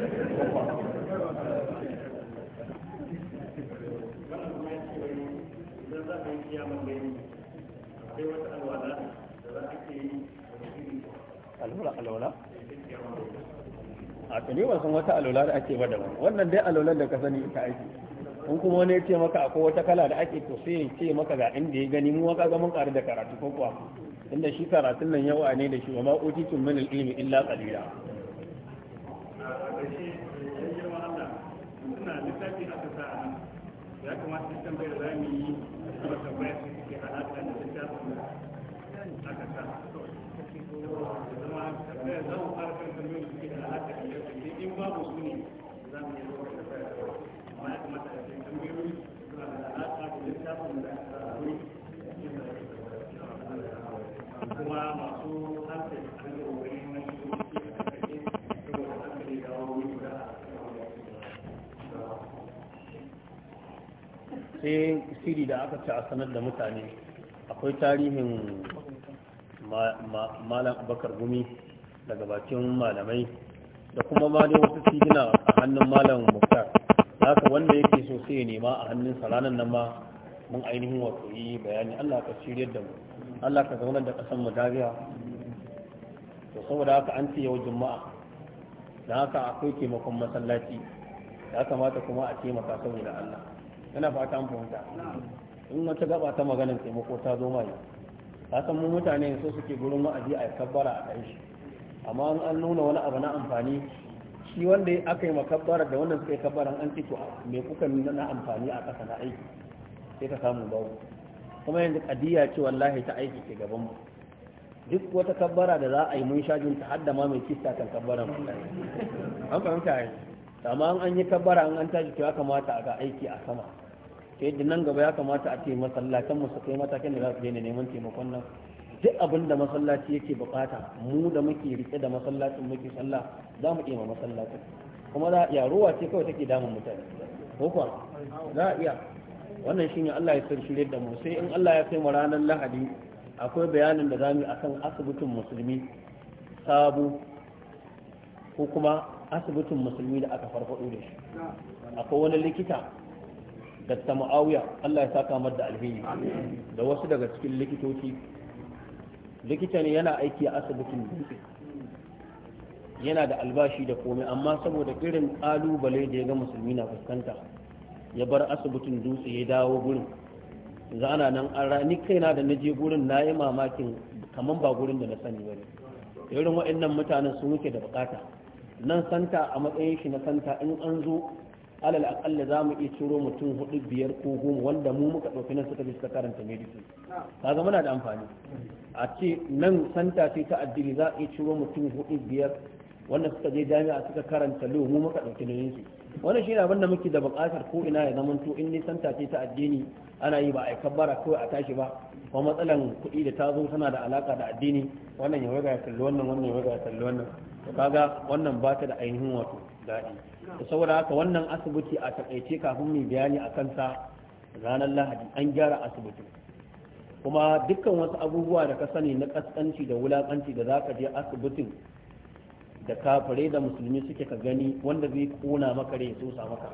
alwala a tuni ban san wata alwala da ake bada wannan dai alwalar da ka sani ita aiki in kuma wani ya ce maka akwai wata kala da ake to sai ce maka ga inda ya gani mu waka ga mun karu da karatu ko kuwa inda shi karatun nan yawa ne da shi wa ma utitum min ilmi illa qalila sai siri da aka ci a sanar da mutane akwai tarihin malam abakar gumi daga bakin malamai da kuma ma wasu sigina a hannun malam muktar haka wanda yake so sai ya nema a hannun salanan nan ma mun ainihin wato yi bayani Allah ka shirya da mu Allah ka zaunar da kasan mu dariya to saboda haka an ce yau juma'a da haka akwai taimakon masallaci ya kamata kuma a taimaka da Allah yana fata an fahimta in wata gaba ta maganin taimako ta zo mai ka san mu mutane so suke gurin wa'azi a kabbara a kai shi amma an nuna wani abu na amfani shi wanda aka yi makabbara da wannan suka yi kabbaran an ci to me kuka nuna na amfani a ƙasa na aiki sai ka samu bawo kuma yanzu kadiya ce wallahi ta aiki ke gaban mu duk wata kabbara da za a yi mun shajin ta hadda ma mai kista kan kabbaran an fahimta yi amma an yi kabbara an tashi to ya kamata a ga aiki a sama ta yadda nan gaba ya kamata a ce masallatan mu su kai matakin da za su ne neman taimakon nan duk abin da masallaci yake bukata mu da muke rike da masallacin muke sallah za mu iya ma masallacin kuma za iya ruwa ce kawai take damun mutane ko kuwa za a iya wannan shine Allah ya san shirye da mu sai in Allah ya kai mu ranar Lahadi akwai bayanin da zamu akan asibitin musulmi sabo ko kuma asibitin musulmi da aka farfado da shi akwai wani likita datta ma'awiya Allah ya sa mar da alheri da wasu daga cikin likitoci likita ne yana aiki a asibitin dutse yana da albashi da komai amma saboda irin kalubale da ya ga musulmi na fuskanta ya bar asibitin dutse ya dawo gurin yanzu nan an rani kaina da na je gurin na yi mamakin kamar ba gurin da na sani ba ne irin waɗannan mutanen sun wuce da bukata nan santa a matsayin shi na santa in an zo alal akalla za mu iya ciro mutum hudu biyar ko goma wanda mu muka ɗauki nan suka suka karanta medicine kaga muna da amfani a ce nan santa ce ta addini za a iya ciro mutum hudu biyar wanda suka je jami'a suka karanta lo mu muka ɗauki nauyin su wannan shi abin da muke da buƙatar ko ina ya zama to in ne santa ce ta addini ana yi ba a kabbara kawai a tashi ba kuma matsalan kuɗi da ta zo tana da alaƙa da addini wannan ya waga ya kalli wannan wannan ya waga ya kalli wannan to kaga wannan ba ta da ainihin wato daɗi saboda haka wannan asibiti a takaice kafin mai bayani a kansa ranar lahadi an gyara asibitin kuma dukkan wasu abubuwa da ka sani na kaskanci da wulakanci da za ka je asibitin da kafare da musulmi suke ka gani wanda zai kona maka rai so sa maka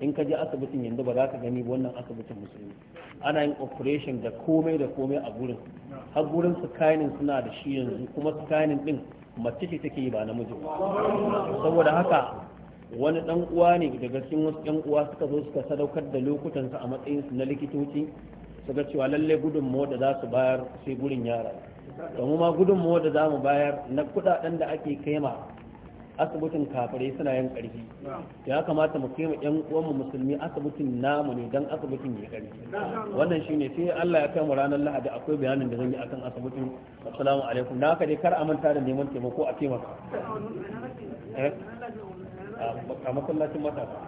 in ka je asibitin yanzu ba za ka gani wannan asibitin musulmi ana yin operation da komai da komai a gurin har gurin scanning suna da shi yanzu kuma scanning din mace ce take yi ba namiji saboda haka wani dan uwa ne daga cikin wasu yan uwa suka zo suka sadaukar da lokutansu a matsayin su na likitoci suka cewa lalle mu da za su bayar sai gurin yara domin ma gudunmawa da za mu bayar na kudaden da ake kaima asibitin kafare suna yin karfi ya kamata mu kaima yan uwan mu musulmi asibitin namu ne dan asibitin ya karfi wannan shine sai Allah ya kai mu ranar Lahadi akwai bayanin da zan yi akan asibitin assalamu alaikum da haka dai kar a manta da neman taimako a taimaka eh? a masallacin matasa